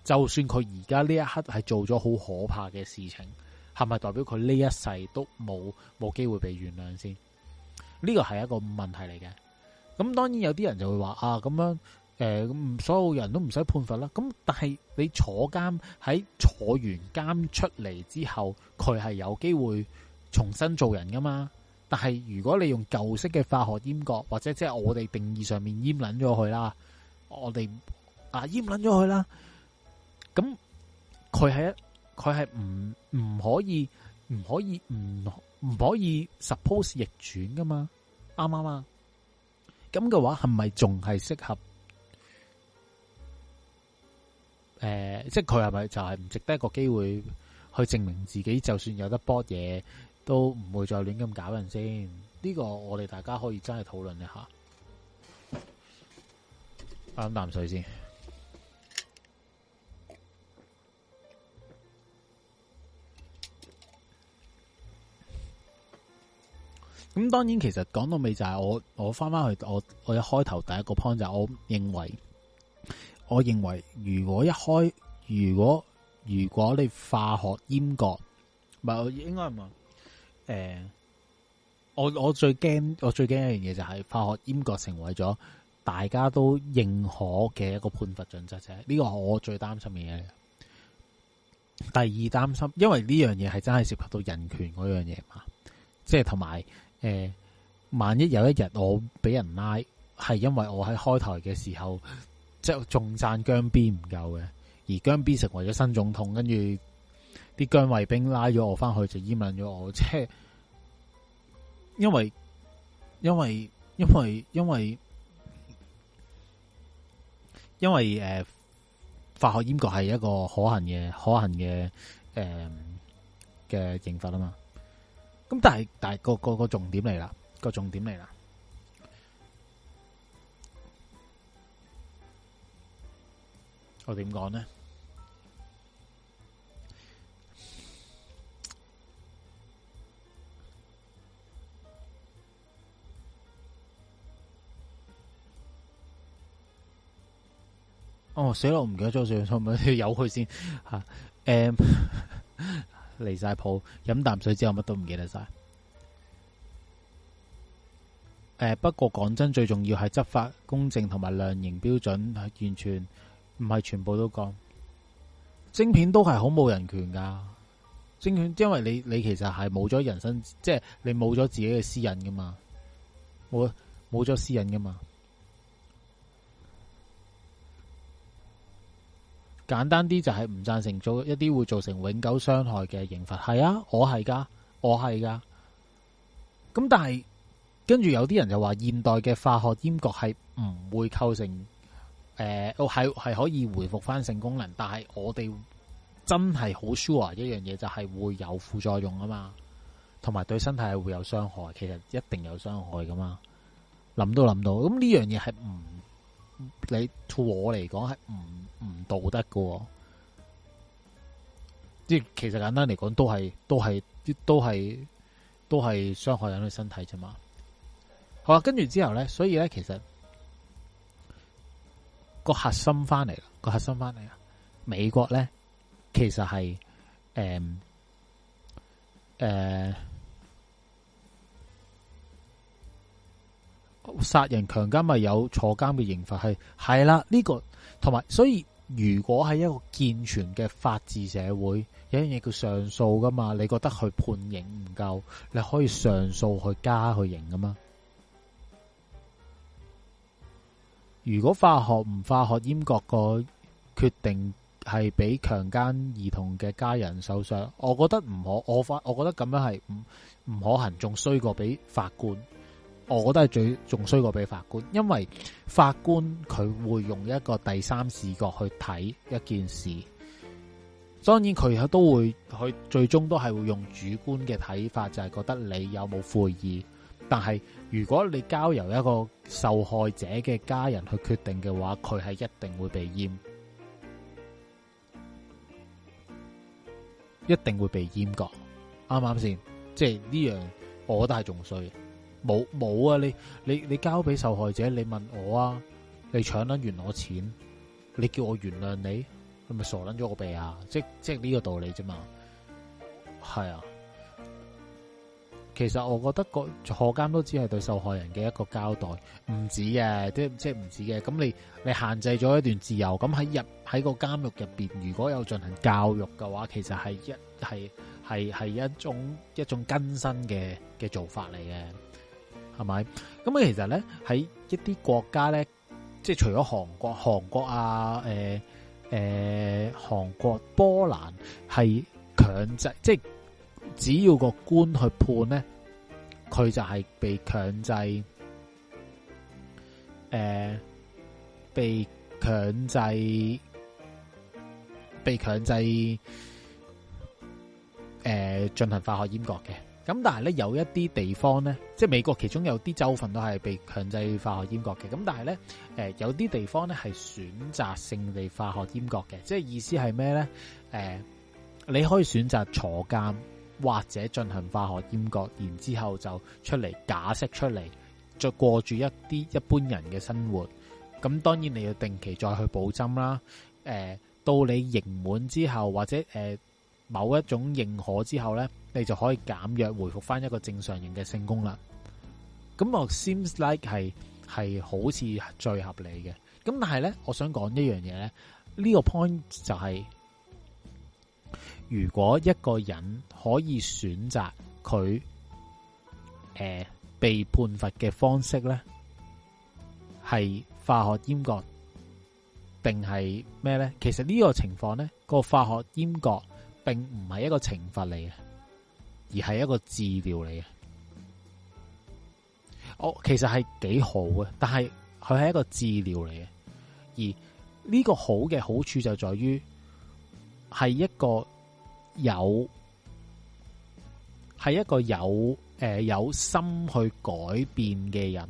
就算佢而家呢一刻係做咗好可怕嘅事情，係咪代表佢呢一世都冇冇機會被原諒先？呢個係一個問題嚟嘅。咁當然有啲人就會話啊，咁樣。誒，咁、呃、所有人都唔使判罰啦。咁但係你坐監喺坐完監出嚟之後，佢係有機會重新做人噶嘛？但係如果你用舊式嘅化學閹割，或者即係我哋定義上面閹撚咗佢啦，我哋啊閹撚咗佢啦，咁佢係一佢係唔唔可以唔可以唔唔可以 suppose 逆轉噶嘛？啱唔啱啊？咁嘅話係咪仲係適合？誒、呃，即係佢係咪就係唔值得一個機會去證明自己？就算有得搏嘢，都唔會再亂咁搞人先。呢，這個我哋大家可以真係討論一下。飲啖水先。咁當然，其實講到尾就係我我翻翻去我我一開頭第一個 point 就係我認為。我認為如果一開，如果如果你化學閹割，唔係，應該唔係，誒、欸，我我最驚，我最驚一樣嘢就係化學閹割成為咗大家都認可嘅一個判罰準則啫。呢個係我最擔心嘅嘢。第二擔心，因為呢樣嘢係真係涉及到人權嗰樣嘢嘛，即係同埋誒，萬一有一日我俾人拉，係因為我喺開台嘅時候。.即係仲讚姜 B 唔夠嘅，而姜 B 成為咗新總統，跟住啲姜衛兵拉咗我返去就閹捻咗我，即係因為因為因為因為因為誒，化學閹割係一個可行嘅可行嘅誒嘅刑法啊嘛。咁但係但係個個個重點嚟啦，個重點嚟啦。.我點講呢？哦，死咯！唔記得咗，上咪有佢先吓。誒、啊，離晒譜，飲啖 水之後，乜都唔記得晒。誒，不過講真，最重要係執法公正同埋量刑標準，係完全。唔係全部都講，晶片都係好冇人權噶，晶片因為你你其實係冇咗人身，即係你冇咗自己嘅私隱噶嘛，冇冇咗私隱噶嘛。簡單啲就係唔贊成做一啲會造成永久傷害嘅刑罰。係啊，我係噶，我係噶。咁但係跟住有啲人就話現代嘅化學閹割係唔會構成。誒，我係係可以回復翻性功能，但係我哋真係好 sure 一樣嘢，就係會有副作用啊嘛，同埋對身體係會有傷害，其實一定有傷害噶嘛。諗都諗到，咁呢樣嘢係唔你同我嚟講係唔唔道德噶、哦，即係其實簡單嚟講，都係都係都係都係傷害人嘅身體啫嘛。好啦，跟住之後咧，所以咧，其實。個核心翻嚟啦，個核心翻嚟啊！美國咧，其實係誒誒，殺人強姦咪有坐監嘅刑罰係係啦，呢個同埋所以，如果係一個健全嘅法治社會，有樣嘢叫上訴噶嘛？你覺得佢判刑唔夠，你可以上訴去加去刑噶嘛？如果化學唔化學，閹割個決定係俾強姦兒童嘅家人受傷，我覺得唔可，我我覺得咁樣係唔唔可行，仲衰過俾法官，我覺得係最仲衰過俾法官，因為法官佢會用一個第三視角去睇一件事，當然佢都會，佢最終都係會用主觀嘅睇法，就係覺得你有冇悔意。但係如果你交由一個受害者嘅家人去決定嘅話，佢係一定會被閹，一定會被閹噶，啱唔啱先？即係呢樣，我覺得係仲衰，冇冇啊！你你你交俾受害者，你問我啊，你搶捻完我錢，你叫我原諒你，你係咪傻捻咗我鼻啊！即即係呢個道理啫嘛，係啊。其實我覺得個坐監都只係對受害人嘅一個交代，唔止嘅，都即係唔止嘅。咁你你限制咗一段自由，咁喺入喺個監獄入邊，如果有進行教育嘅話，其實係一係係係一種一種更新嘅嘅做法嚟嘅，係咪？咁其實咧喺一啲國家咧，即係除咗韓國、韓國啊，誒、呃、誒、呃，韓國、波蘭係強制，即係。只要個官去判咧，佢就係被強制，誒、呃，被強制，被強制，誒、呃，進行化學閹割嘅。咁但係咧，有一啲地方咧，即係美國，其中有啲州份都係被強制化學閹割嘅。咁但係咧，誒、呃，有啲地方咧係選擇性地化學閹割嘅。即係意思係咩咧？誒、呃，你可以選擇坐監。或者進行化學閹割，然之後就出嚟假釋出嚟，再過住一啲一般人嘅生活。咁當然你要定期再去補針啦、呃。到你刑滿之後，或者、呃、某一種認可之後呢，你就可以減弱，回復翻一個正常型嘅性功能。咁我 seems like 係好似最合理嘅。咁但係呢，我想講一樣嘢呢，呢、呢個 point 就係、是。如果一個人可以選擇佢誒、呃、被判罰嘅方式咧，係化學閹割，定係咩咧？其實呢個情況咧，個化學閹割并唔係一個懲罰嚟嘅，而係一個治療嚟嘅。哦，其實係幾好嘅，但係佢係一個治療嚟嘅，而呢個好嘅好處就在於係一個。有係一個有誒、呃、有心去改變嘅人，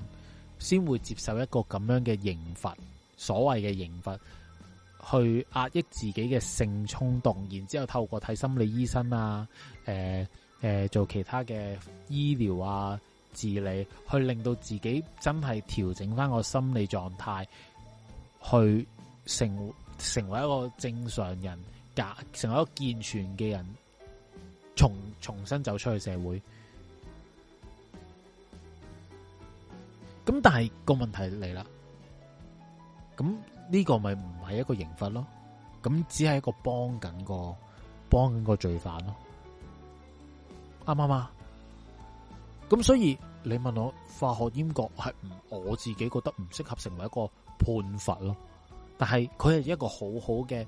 先會接受一個咁樣嘅刑罰，所謂嘅刑罰，去壓抑自己嘅性衝動，然之後透過睇心理醫生啊，誒、呃、誒、呃、做其他嘅醫療啊治理，去令到自己真係調整返個心理狀態，去成成為一個正常人。成為一個健全嘅人重，重重新走出去社會。咁但係個問題嚟啦，咁呢個咪唔係一個刑罰咯，咁只係一個幫緊個幫緊個罪犯咯，啱唔啱啊？咁所以你問我化學閹割係唔，我自己覺得唔適合成為一個判罰咯，但係佢係一個很好好嘅。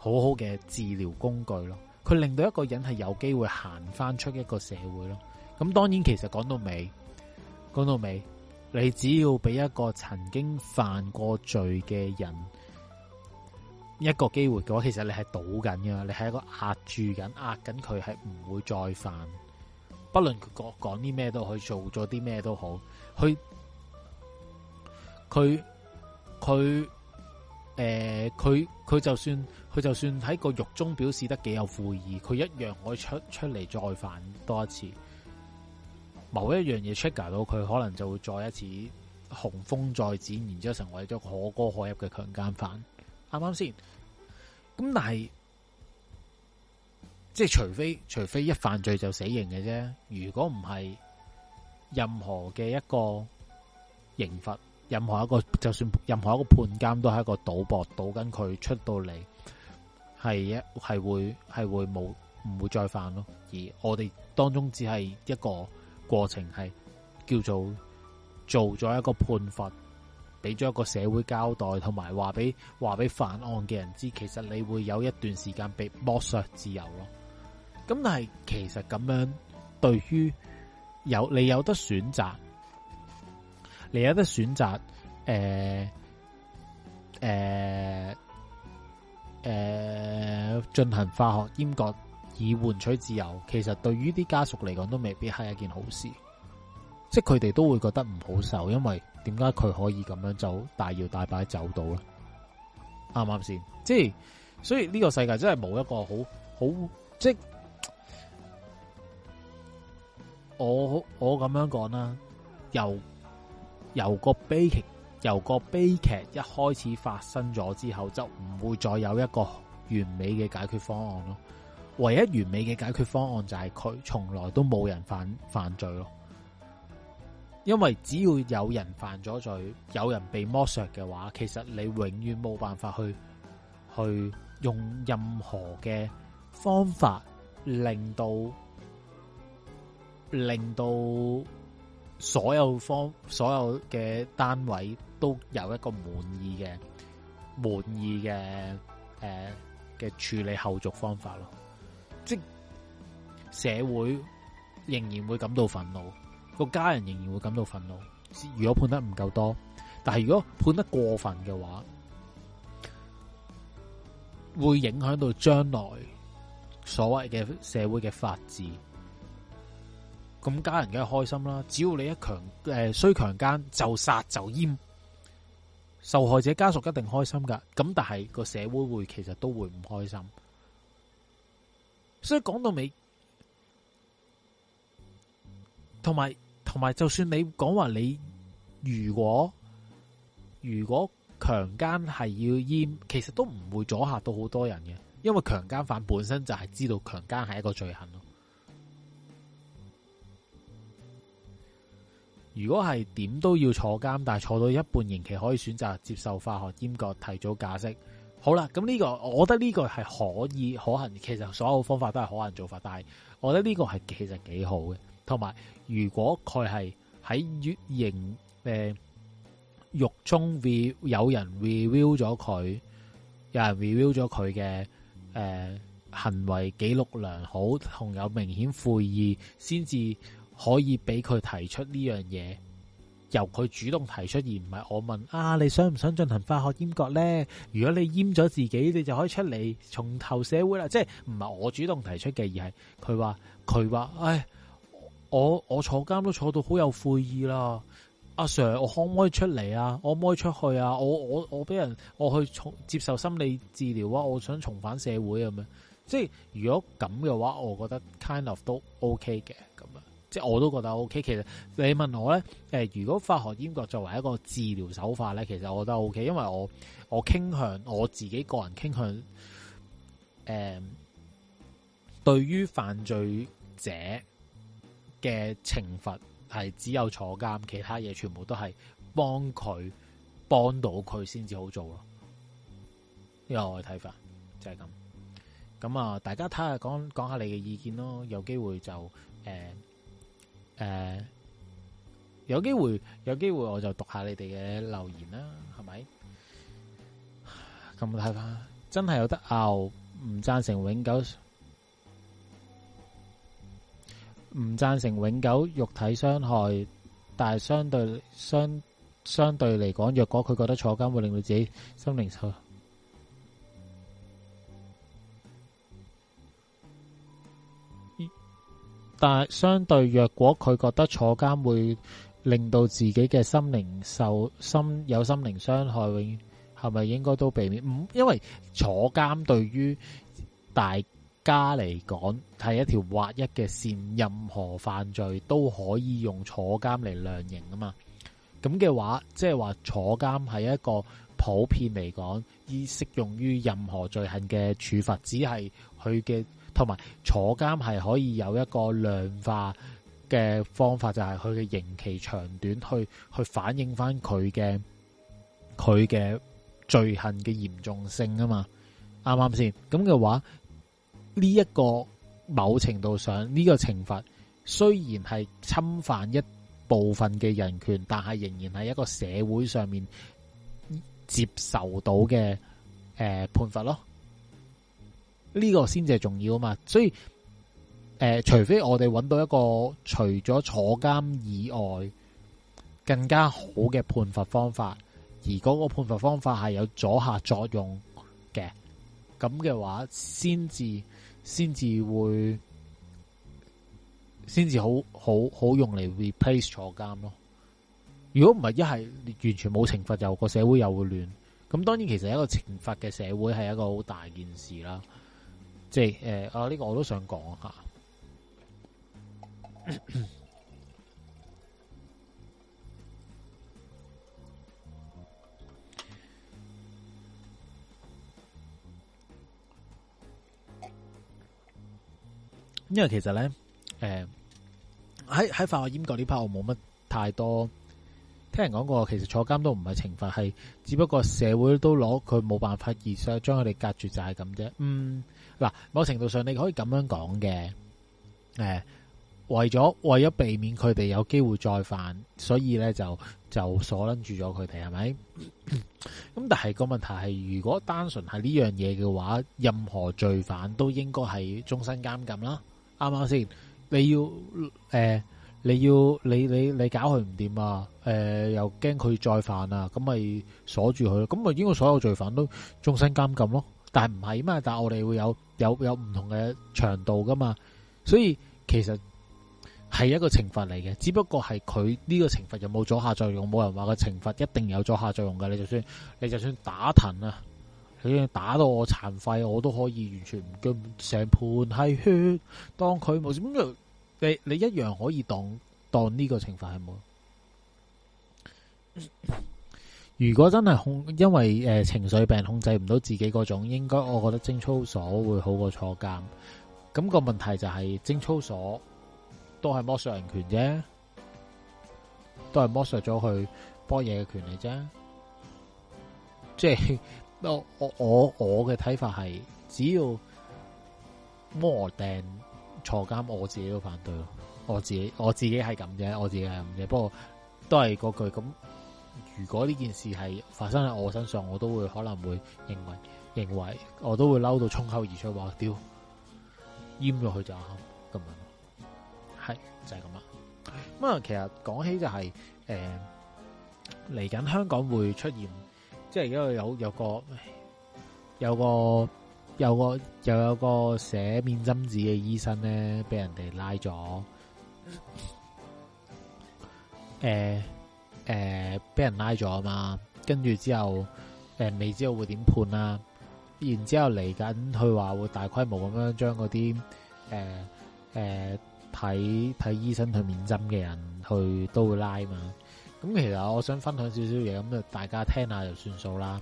好好嘅治療工具咯，佢令到一個人係有機會行返出一個社會咯。咁當然其實講到尾，講到尾，你只要俾一個曾經犯過罪嘅人一個機會嘅話，其實你係賭緊嘅，你係一個壓住緊、壓緊佢，係唔會再犯。不論佢講啲咩都好，做咗啲咩都好，佢佢佢。誒，佢佢、呃、就算佢就算喺個獄中表示得幾有悔意，佢一樣可以出出嚟，再犯多一次。某一樣嘢 trigger 到佢，可能就會再一次雄風再展，然之後成為咗可歌可泣嘅強姦犯。啱啱先，咁但係，即係除非除非一犯罪就死刑嘅啫。如果唔係，任何嘅一個刑罰。任何一個，就算任何一個判監，都係一個賭博，賭緊佢出到嚟係一係會係會冇唔會再犯咯。而我哋當中只係一個過程，係叫做做咗一個判罰，俾咗一個社會交代，同埋話俾話俾犯案嘅人知，其實你會有一段時間被剝削自由咯。咁但係其實咁樣，對於有你有得選擇。你有得選擇？誒誒誒，進、呃呃、行化學閹割以換取自由，其實對於啲家屬嚟講都未必係一件好事。即係佢哋都會覺得唔好受，因為點解佢可以咁樣走大搖大擺走到咧？啱唔啱先？即係所以呢個世界真係冇一個好好即係我我咁樣講啦，又。由個悲劇，由個悲劇一開始發生咗之後，就唔會再有一個完美嘅解決方案咯。唯一完美嘅解決方案就係佢從來都冇人犯犯罪咯。因為只要有人犯咗罪，有人被剝削嘅話，其實你永遠冇辦法去去用任何嘅方法令到令到。所有方、所有嘅單位都有一個滿意嘅、滿意嘅誒嘅處理後續方法咯。即社會仍然會感到憤怒，個家人仍然會感到憤怒。如果判得唔夠多，但係如果判得過分嘅話，會影響到將來所謂嘅社會嘅法治。咁家人梗係開心啦，只要你一強誒，雖強奸就殺就閹，受害者家屬一定開心噶。咁但係個社會會其實都會唔開心，所以講到尾，同埋同埋，就算你講話你如果如果強奸係要閹，其實都唔會阻吓到好多人嘅，因為強奸犯本身就係知道強奸係一個罪行咯。如果係點都要坐監，但係坐到一半刑期，可以選擇接受化學閹割提早假釋。好啦，咁呢個，我覺得呢個係可以可行。其實所有方法都係可行做法，但係我覺得呢個係其實幾好嘅。同埋，如果佢係喺月刑嘅獄中有人 review 咗佢，有人 review 咗佢嘅誒、呃、行為記錄良好，同有明顯悔意，先至。可以俾佢提出呢樣嘢，由佢主動提出，而唔係我問啊，你想唔想進行化學閹割咧？如果你閹咗自己，你就可以出嚟重投社會啦。即係唔係我主動提出嘅，而係佢話佢話，唉，我我坐監都坐到好有悔意啦。阿 Sir，我可唔可以出嚟啊？我唔可以出去啊？我我我俾人我去接受心理治療啊？我想重返社會咁樣。即係如果咁嘅話，我覺得 kind of 都 OK 嘅咁樣。即係我都覺得 O、OK, K，其實你問我咧、呃，如果化學閹割作為一個治療手法咧，其實我覺得 O、OK, K，因為我我傾向我自己個人傾向誒、呃，對於犯罪者嘅懲罰係只有坐監，其他嘢全部都係幫佢幫到佢先至好做咯。呢、這個我嘅睇法就係、是、咁。咁啊、呃，大家睇下講講下你嘅意見咯，有機會就誒。呃誒，uh，有機會有機會我就讀下你哋嘅留言啦，係咪？咁睇下，真係有得拗，唔贊成永久，唔贊成永久肉體傷害，但係相對相相對嚟講，若果佢覺得坐監會令到自己心靈受。但係相對，若果佢覺得坐監會令到自己嘅心靈受心有心靈傷害，永遠係咪應該都避免？唔因為坐監對於大家嚟講係一條劃一嘅線，任何犯罪都可以用坐監嚟量刑啊嘛。咁嘅話，即係話坐監係一個普遍嚟講，以適用於任何罪行嘅處罰，只係佢嘅。同埋坐監係可以有一個量化嘅方法，就係佢嘅刑期長短去，去去反映翻佢嘅佢嘅罪行嘅嚴重性啊嘛，啱唔啱先？咁嘅話呢一個某程度上呢個懲罰雖然係侵犯一部分嘅人權，但係仍然係一個社會上面接受到嘅誒、呃、判罰咯。呢個先至係重要啊嘛，所以誒、呃，除非我哋揾到一個除咗坐監以外更加好嘅判罰方法，而嗰個判罰方法係有阻吓作用嘅，咁嘅話，先至先至會先至好好好用嚟 replace 坐監咯。如果唔係，一係完全冇懲罰，就個社會又會亂。咁當然，其實一個懲罰嘅社會係一個好大件事啦。即係誒，啊呢，就是呃這個我都想講下，因為其實咧，誒喺喺法學研究呢 part，我冇乜太多聽人講過。其實坐監都唔係懲罰，係只不過社會都攞佢冇辦法們而想將佢哋隔住，就係咁啫。嗯。嗱，某程度上你可以咁樣講嘅，誒，為咗為咗避免佢哋有機會再犯，所以呢就就鎖撚住咗佢哋，係咪？咁但係個問題係，如果單純係呢樣嘢嘅話，任何罪犯都應該係終身監禁啦，啱唔啱先？你要誒，你要你你你搞佢唔掂啊，誒，又驚佢再犯啊，咁咪鎖住佢咯，咁咪應該所有罪犯都終身監禁咯？但係唔係咩？但係我哋會有。有有唔同嘅長度噶嘛，所以其實係一個懲罰嚟嘅，只不過係佢呢個懲罰有冇阻下作用？冇人話個懲罰一定有阻下作用噶，你就算你就算打藤啊，你打到我殘廢，我都可以完全唔叫成盤係血，當佢冇，咁你你一樣可以當當呢個懲罰係冇。 如果真係控，因為誒、呃、情緒病控制唔到自己嗰種，應該我覺得精操所會好過坐監。咁、那個問題就係、是、精操所都係剝削人權啫，都係剝削咗去波嘢嘅權利啫。即係我我我我嘅睇法係，只要摩羅定坐監，我自己都反對咯。我自己我自己係咁啫，我自己係咁嘅，不過都係嗰句咁。如果呢件事係發生喺我身上，我都會可能會認為認為，我都會嬲到衝口而出話：丟，閹咗佢就咁樣，係就係、是、咁樣。咁啊，其實講起就係、是、誒、嚟、呃、緊香港會出現，即係因為有有，有個有個有個又有個寫免針紙嘅醫生咧，俾人哋拉咗誒。呃誒，俾、呃、人拉咗啊嘛，跟住之後，誒、呃，未知道會點判啦、啊。然之後嚟緊，佢話會大規模咁樣將嗰啲，誒、呃，誒、呃，睇睇醫生去免針嘅人去，去都會拉嘛。咁其實我想分享少少嘢，咁就大家聽下就算數啦。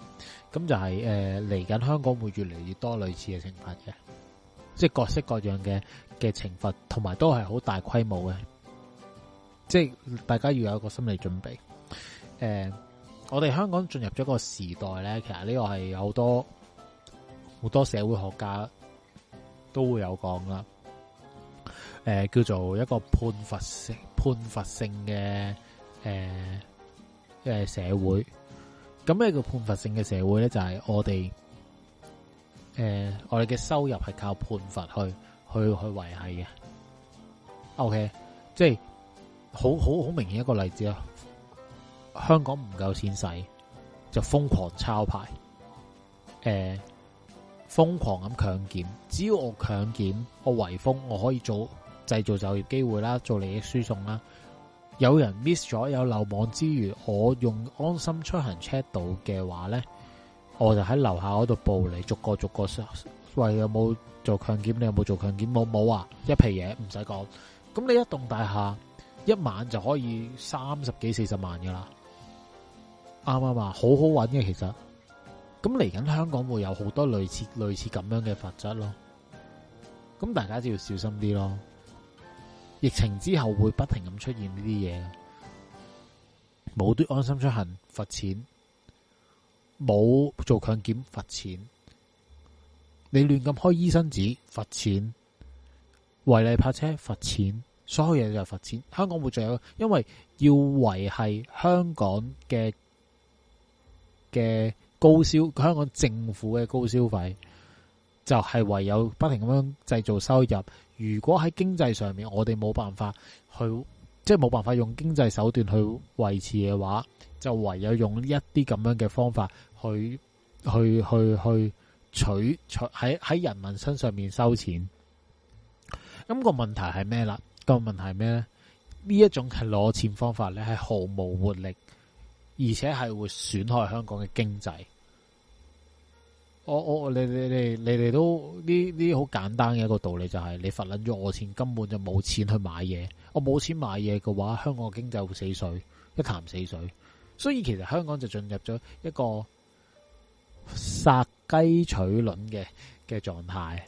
咁就係、是，誒、呃，嚟緊香港會越嚟越多類似嘅懲罰嘅，即係各式各樣嘅嘅懲罰，同埋都係好大規模嘅，即係大家要有一個心理準備。誒、嗯，我哋香港進入咗個時代咧，其實呢個係有好多好多社會學家都會有講啦。誒、嗯，叫做一個判罰性判罰性嘅，誒誒社會。咁咩叫判罰性嘅社會咧？就係、是、我哋誒、嗯、我哋嘅收入係靠判罰去去去維繫嘅。OK，即係好好好明顯一個例子啊！香港唔夠錢使，就瘋狂抄牌，誒、欸，瘋狂咁強檢。只要我強檢，我圍封，我可以做製造就業機會啦，做利益輸送啦。有人 miss 咗有漏網之魚，我用安心出行 check 到嘅話咧，我就喺樓下嗰度報嚟逐個逐個，喂，有冇做強檢？你有冇做強檢？冇冇啊！一皮嘢唔使講，咁你一棟大廈一晚就可以三十幾四十萬噶啦。啱啱嘛，好好玩嘅。其實咁嚟緊香港會有好多類似類似咁樣嘅罰則咯。咁大家就要小心啲咯。疫情之後會不停咁出現呢啲嘢，冇啲安心出行罰錢，冇做強檢罰錢，你亂咁開醫生紙罰錢，違例泊車罰錢，所有嘢就係罰錢。香港會仲有，因為要維繫香港嘅。嘅高消，香港政府嘅高消費就係唯有不停咁樣製造收入。如果喺經濟上面我哋冇辦法去，即係冇辦法用經濟手段去維持嘅話，就唯有用一啲咁樣嘅方法去去去去取取喺喺人民身上面收錢。咁個問題係咩啦？個問題係咩咧？呢一種係攞錢方法咧，係毫無活力。而且係會損害香港嘅經濟。我我你你你你哋都呢呢好簡單嘅一個道理就係、是，你罰撚咗我錢，根本就冇錢去買嘢。我冇錢買嘢嘅話，香港嘅經濟會死水一潭死水。所以其實香港就進入咗一個殺雞取卵嘅嘅狀態。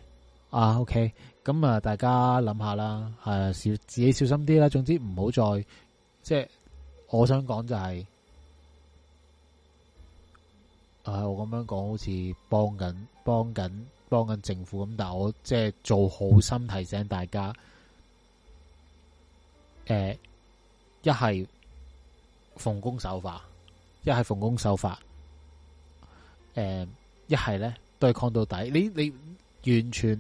啊，OK，咁啊，大家諗下啦，係小自己小心啲啦。總之唔好再即係，我想講就係、是。我咁樣講好似幫緊幫緊幫緊政府咁，但係我即係做好心提醒大家，誒、呃，一係奉公守法，一係奉公守法，誒、呃，一係咧對抗到底，你你完全，誒、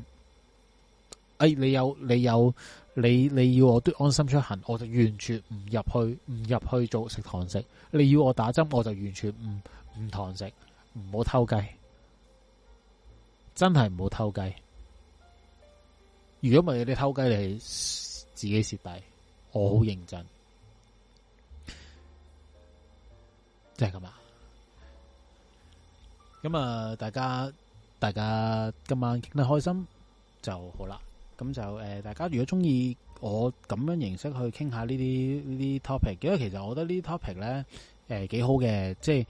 哎，你有你有你你要我都安心出行，我就完全唔入去唔入去做食堂食，你要我打針我就完全唔唔堂食。唔好偷雞，真係唔好偷雞。如果唔係你偷雞，你自己蝕底。我好認真，即係咁啊。咁啊，大家大家今晚傾得開心就好啦。咁就誒、呃，大家如果中意我咁樣形式去傾下呢啲呢 topic，因為其實我覺得呢啲 topic 咧誒幾好嘅，即係。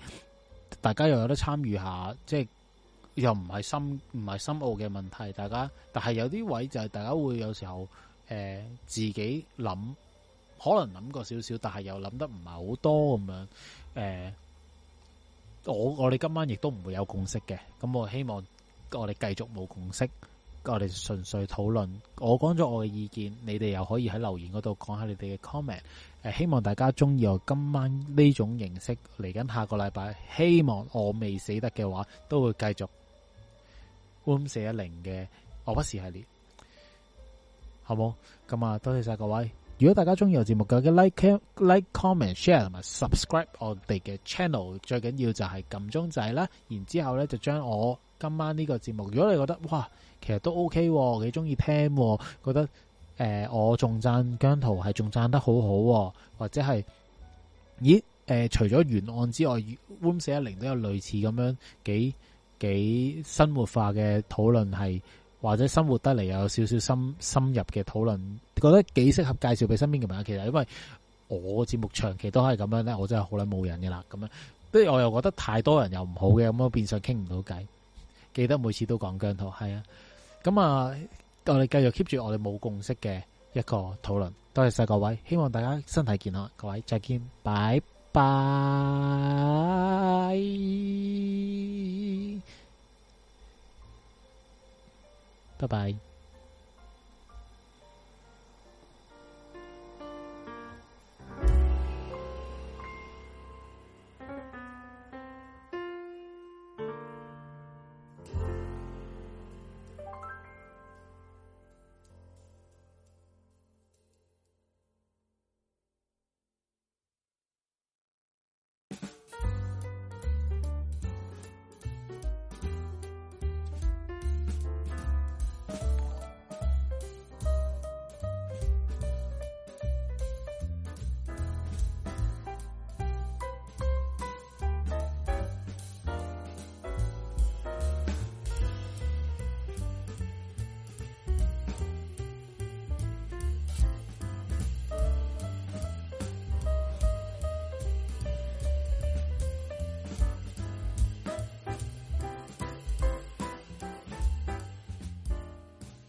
大家又有得參與下，即係又唔係深唔係深奧嘅問題，大家，但係有啲位就係大家會有時候誒、呃、自己諗，可能諗過少少，但係又諗得唔係好多咁樣誒、呃。我我哋今晚亦都唔會有共識嘅，咁我希望我哋繼續冇共識。我哋純粹討論，我講咗我嘅意見，你哋又可以喺留言嗰度講下你哋嘅 comment。誒、呃，希望大家中意我今晚呢種形式嚟緊下,下個禮拜，希望我未死得嘅話，都會繼續。o m e 四一零嘅我不是系列，好冇咁啊？多謝晒各位。如果大家中意我節目嘅，記得 like like comment share 同埋 subscribe 我哋嘅 channel。最緊要就係撳鐘仔啦，然之後咧就將我今晚呢個節目。如果你覺得哇～其實都 OK，幾中意聽，啊，覺得誒、呃，我仲讚姜濤係仲讚得好好，啊，或者係，咦？誒、呃，除咗懸案之外，Woon 四一零都有類似咁樣幾幾生活化嘅討論是，係或者生活得嚟有少少深深入嘅討論，覺得幾適合介紹俾身邊嘅朋友。其實因為我節目長期都係咁樣咧，我真係好耐冇人噶啦，咁樣，不如我又覺得太多人又唔好嘅，咁變相傾唔到偈。記得每次都講姜濤，係啊。咁啊，我哋繼續 keep 住我哋冇共識嘅一個討論。多謝晒各位，希望大家身體健康。各位再見，拜拜，拜拜。拜拜。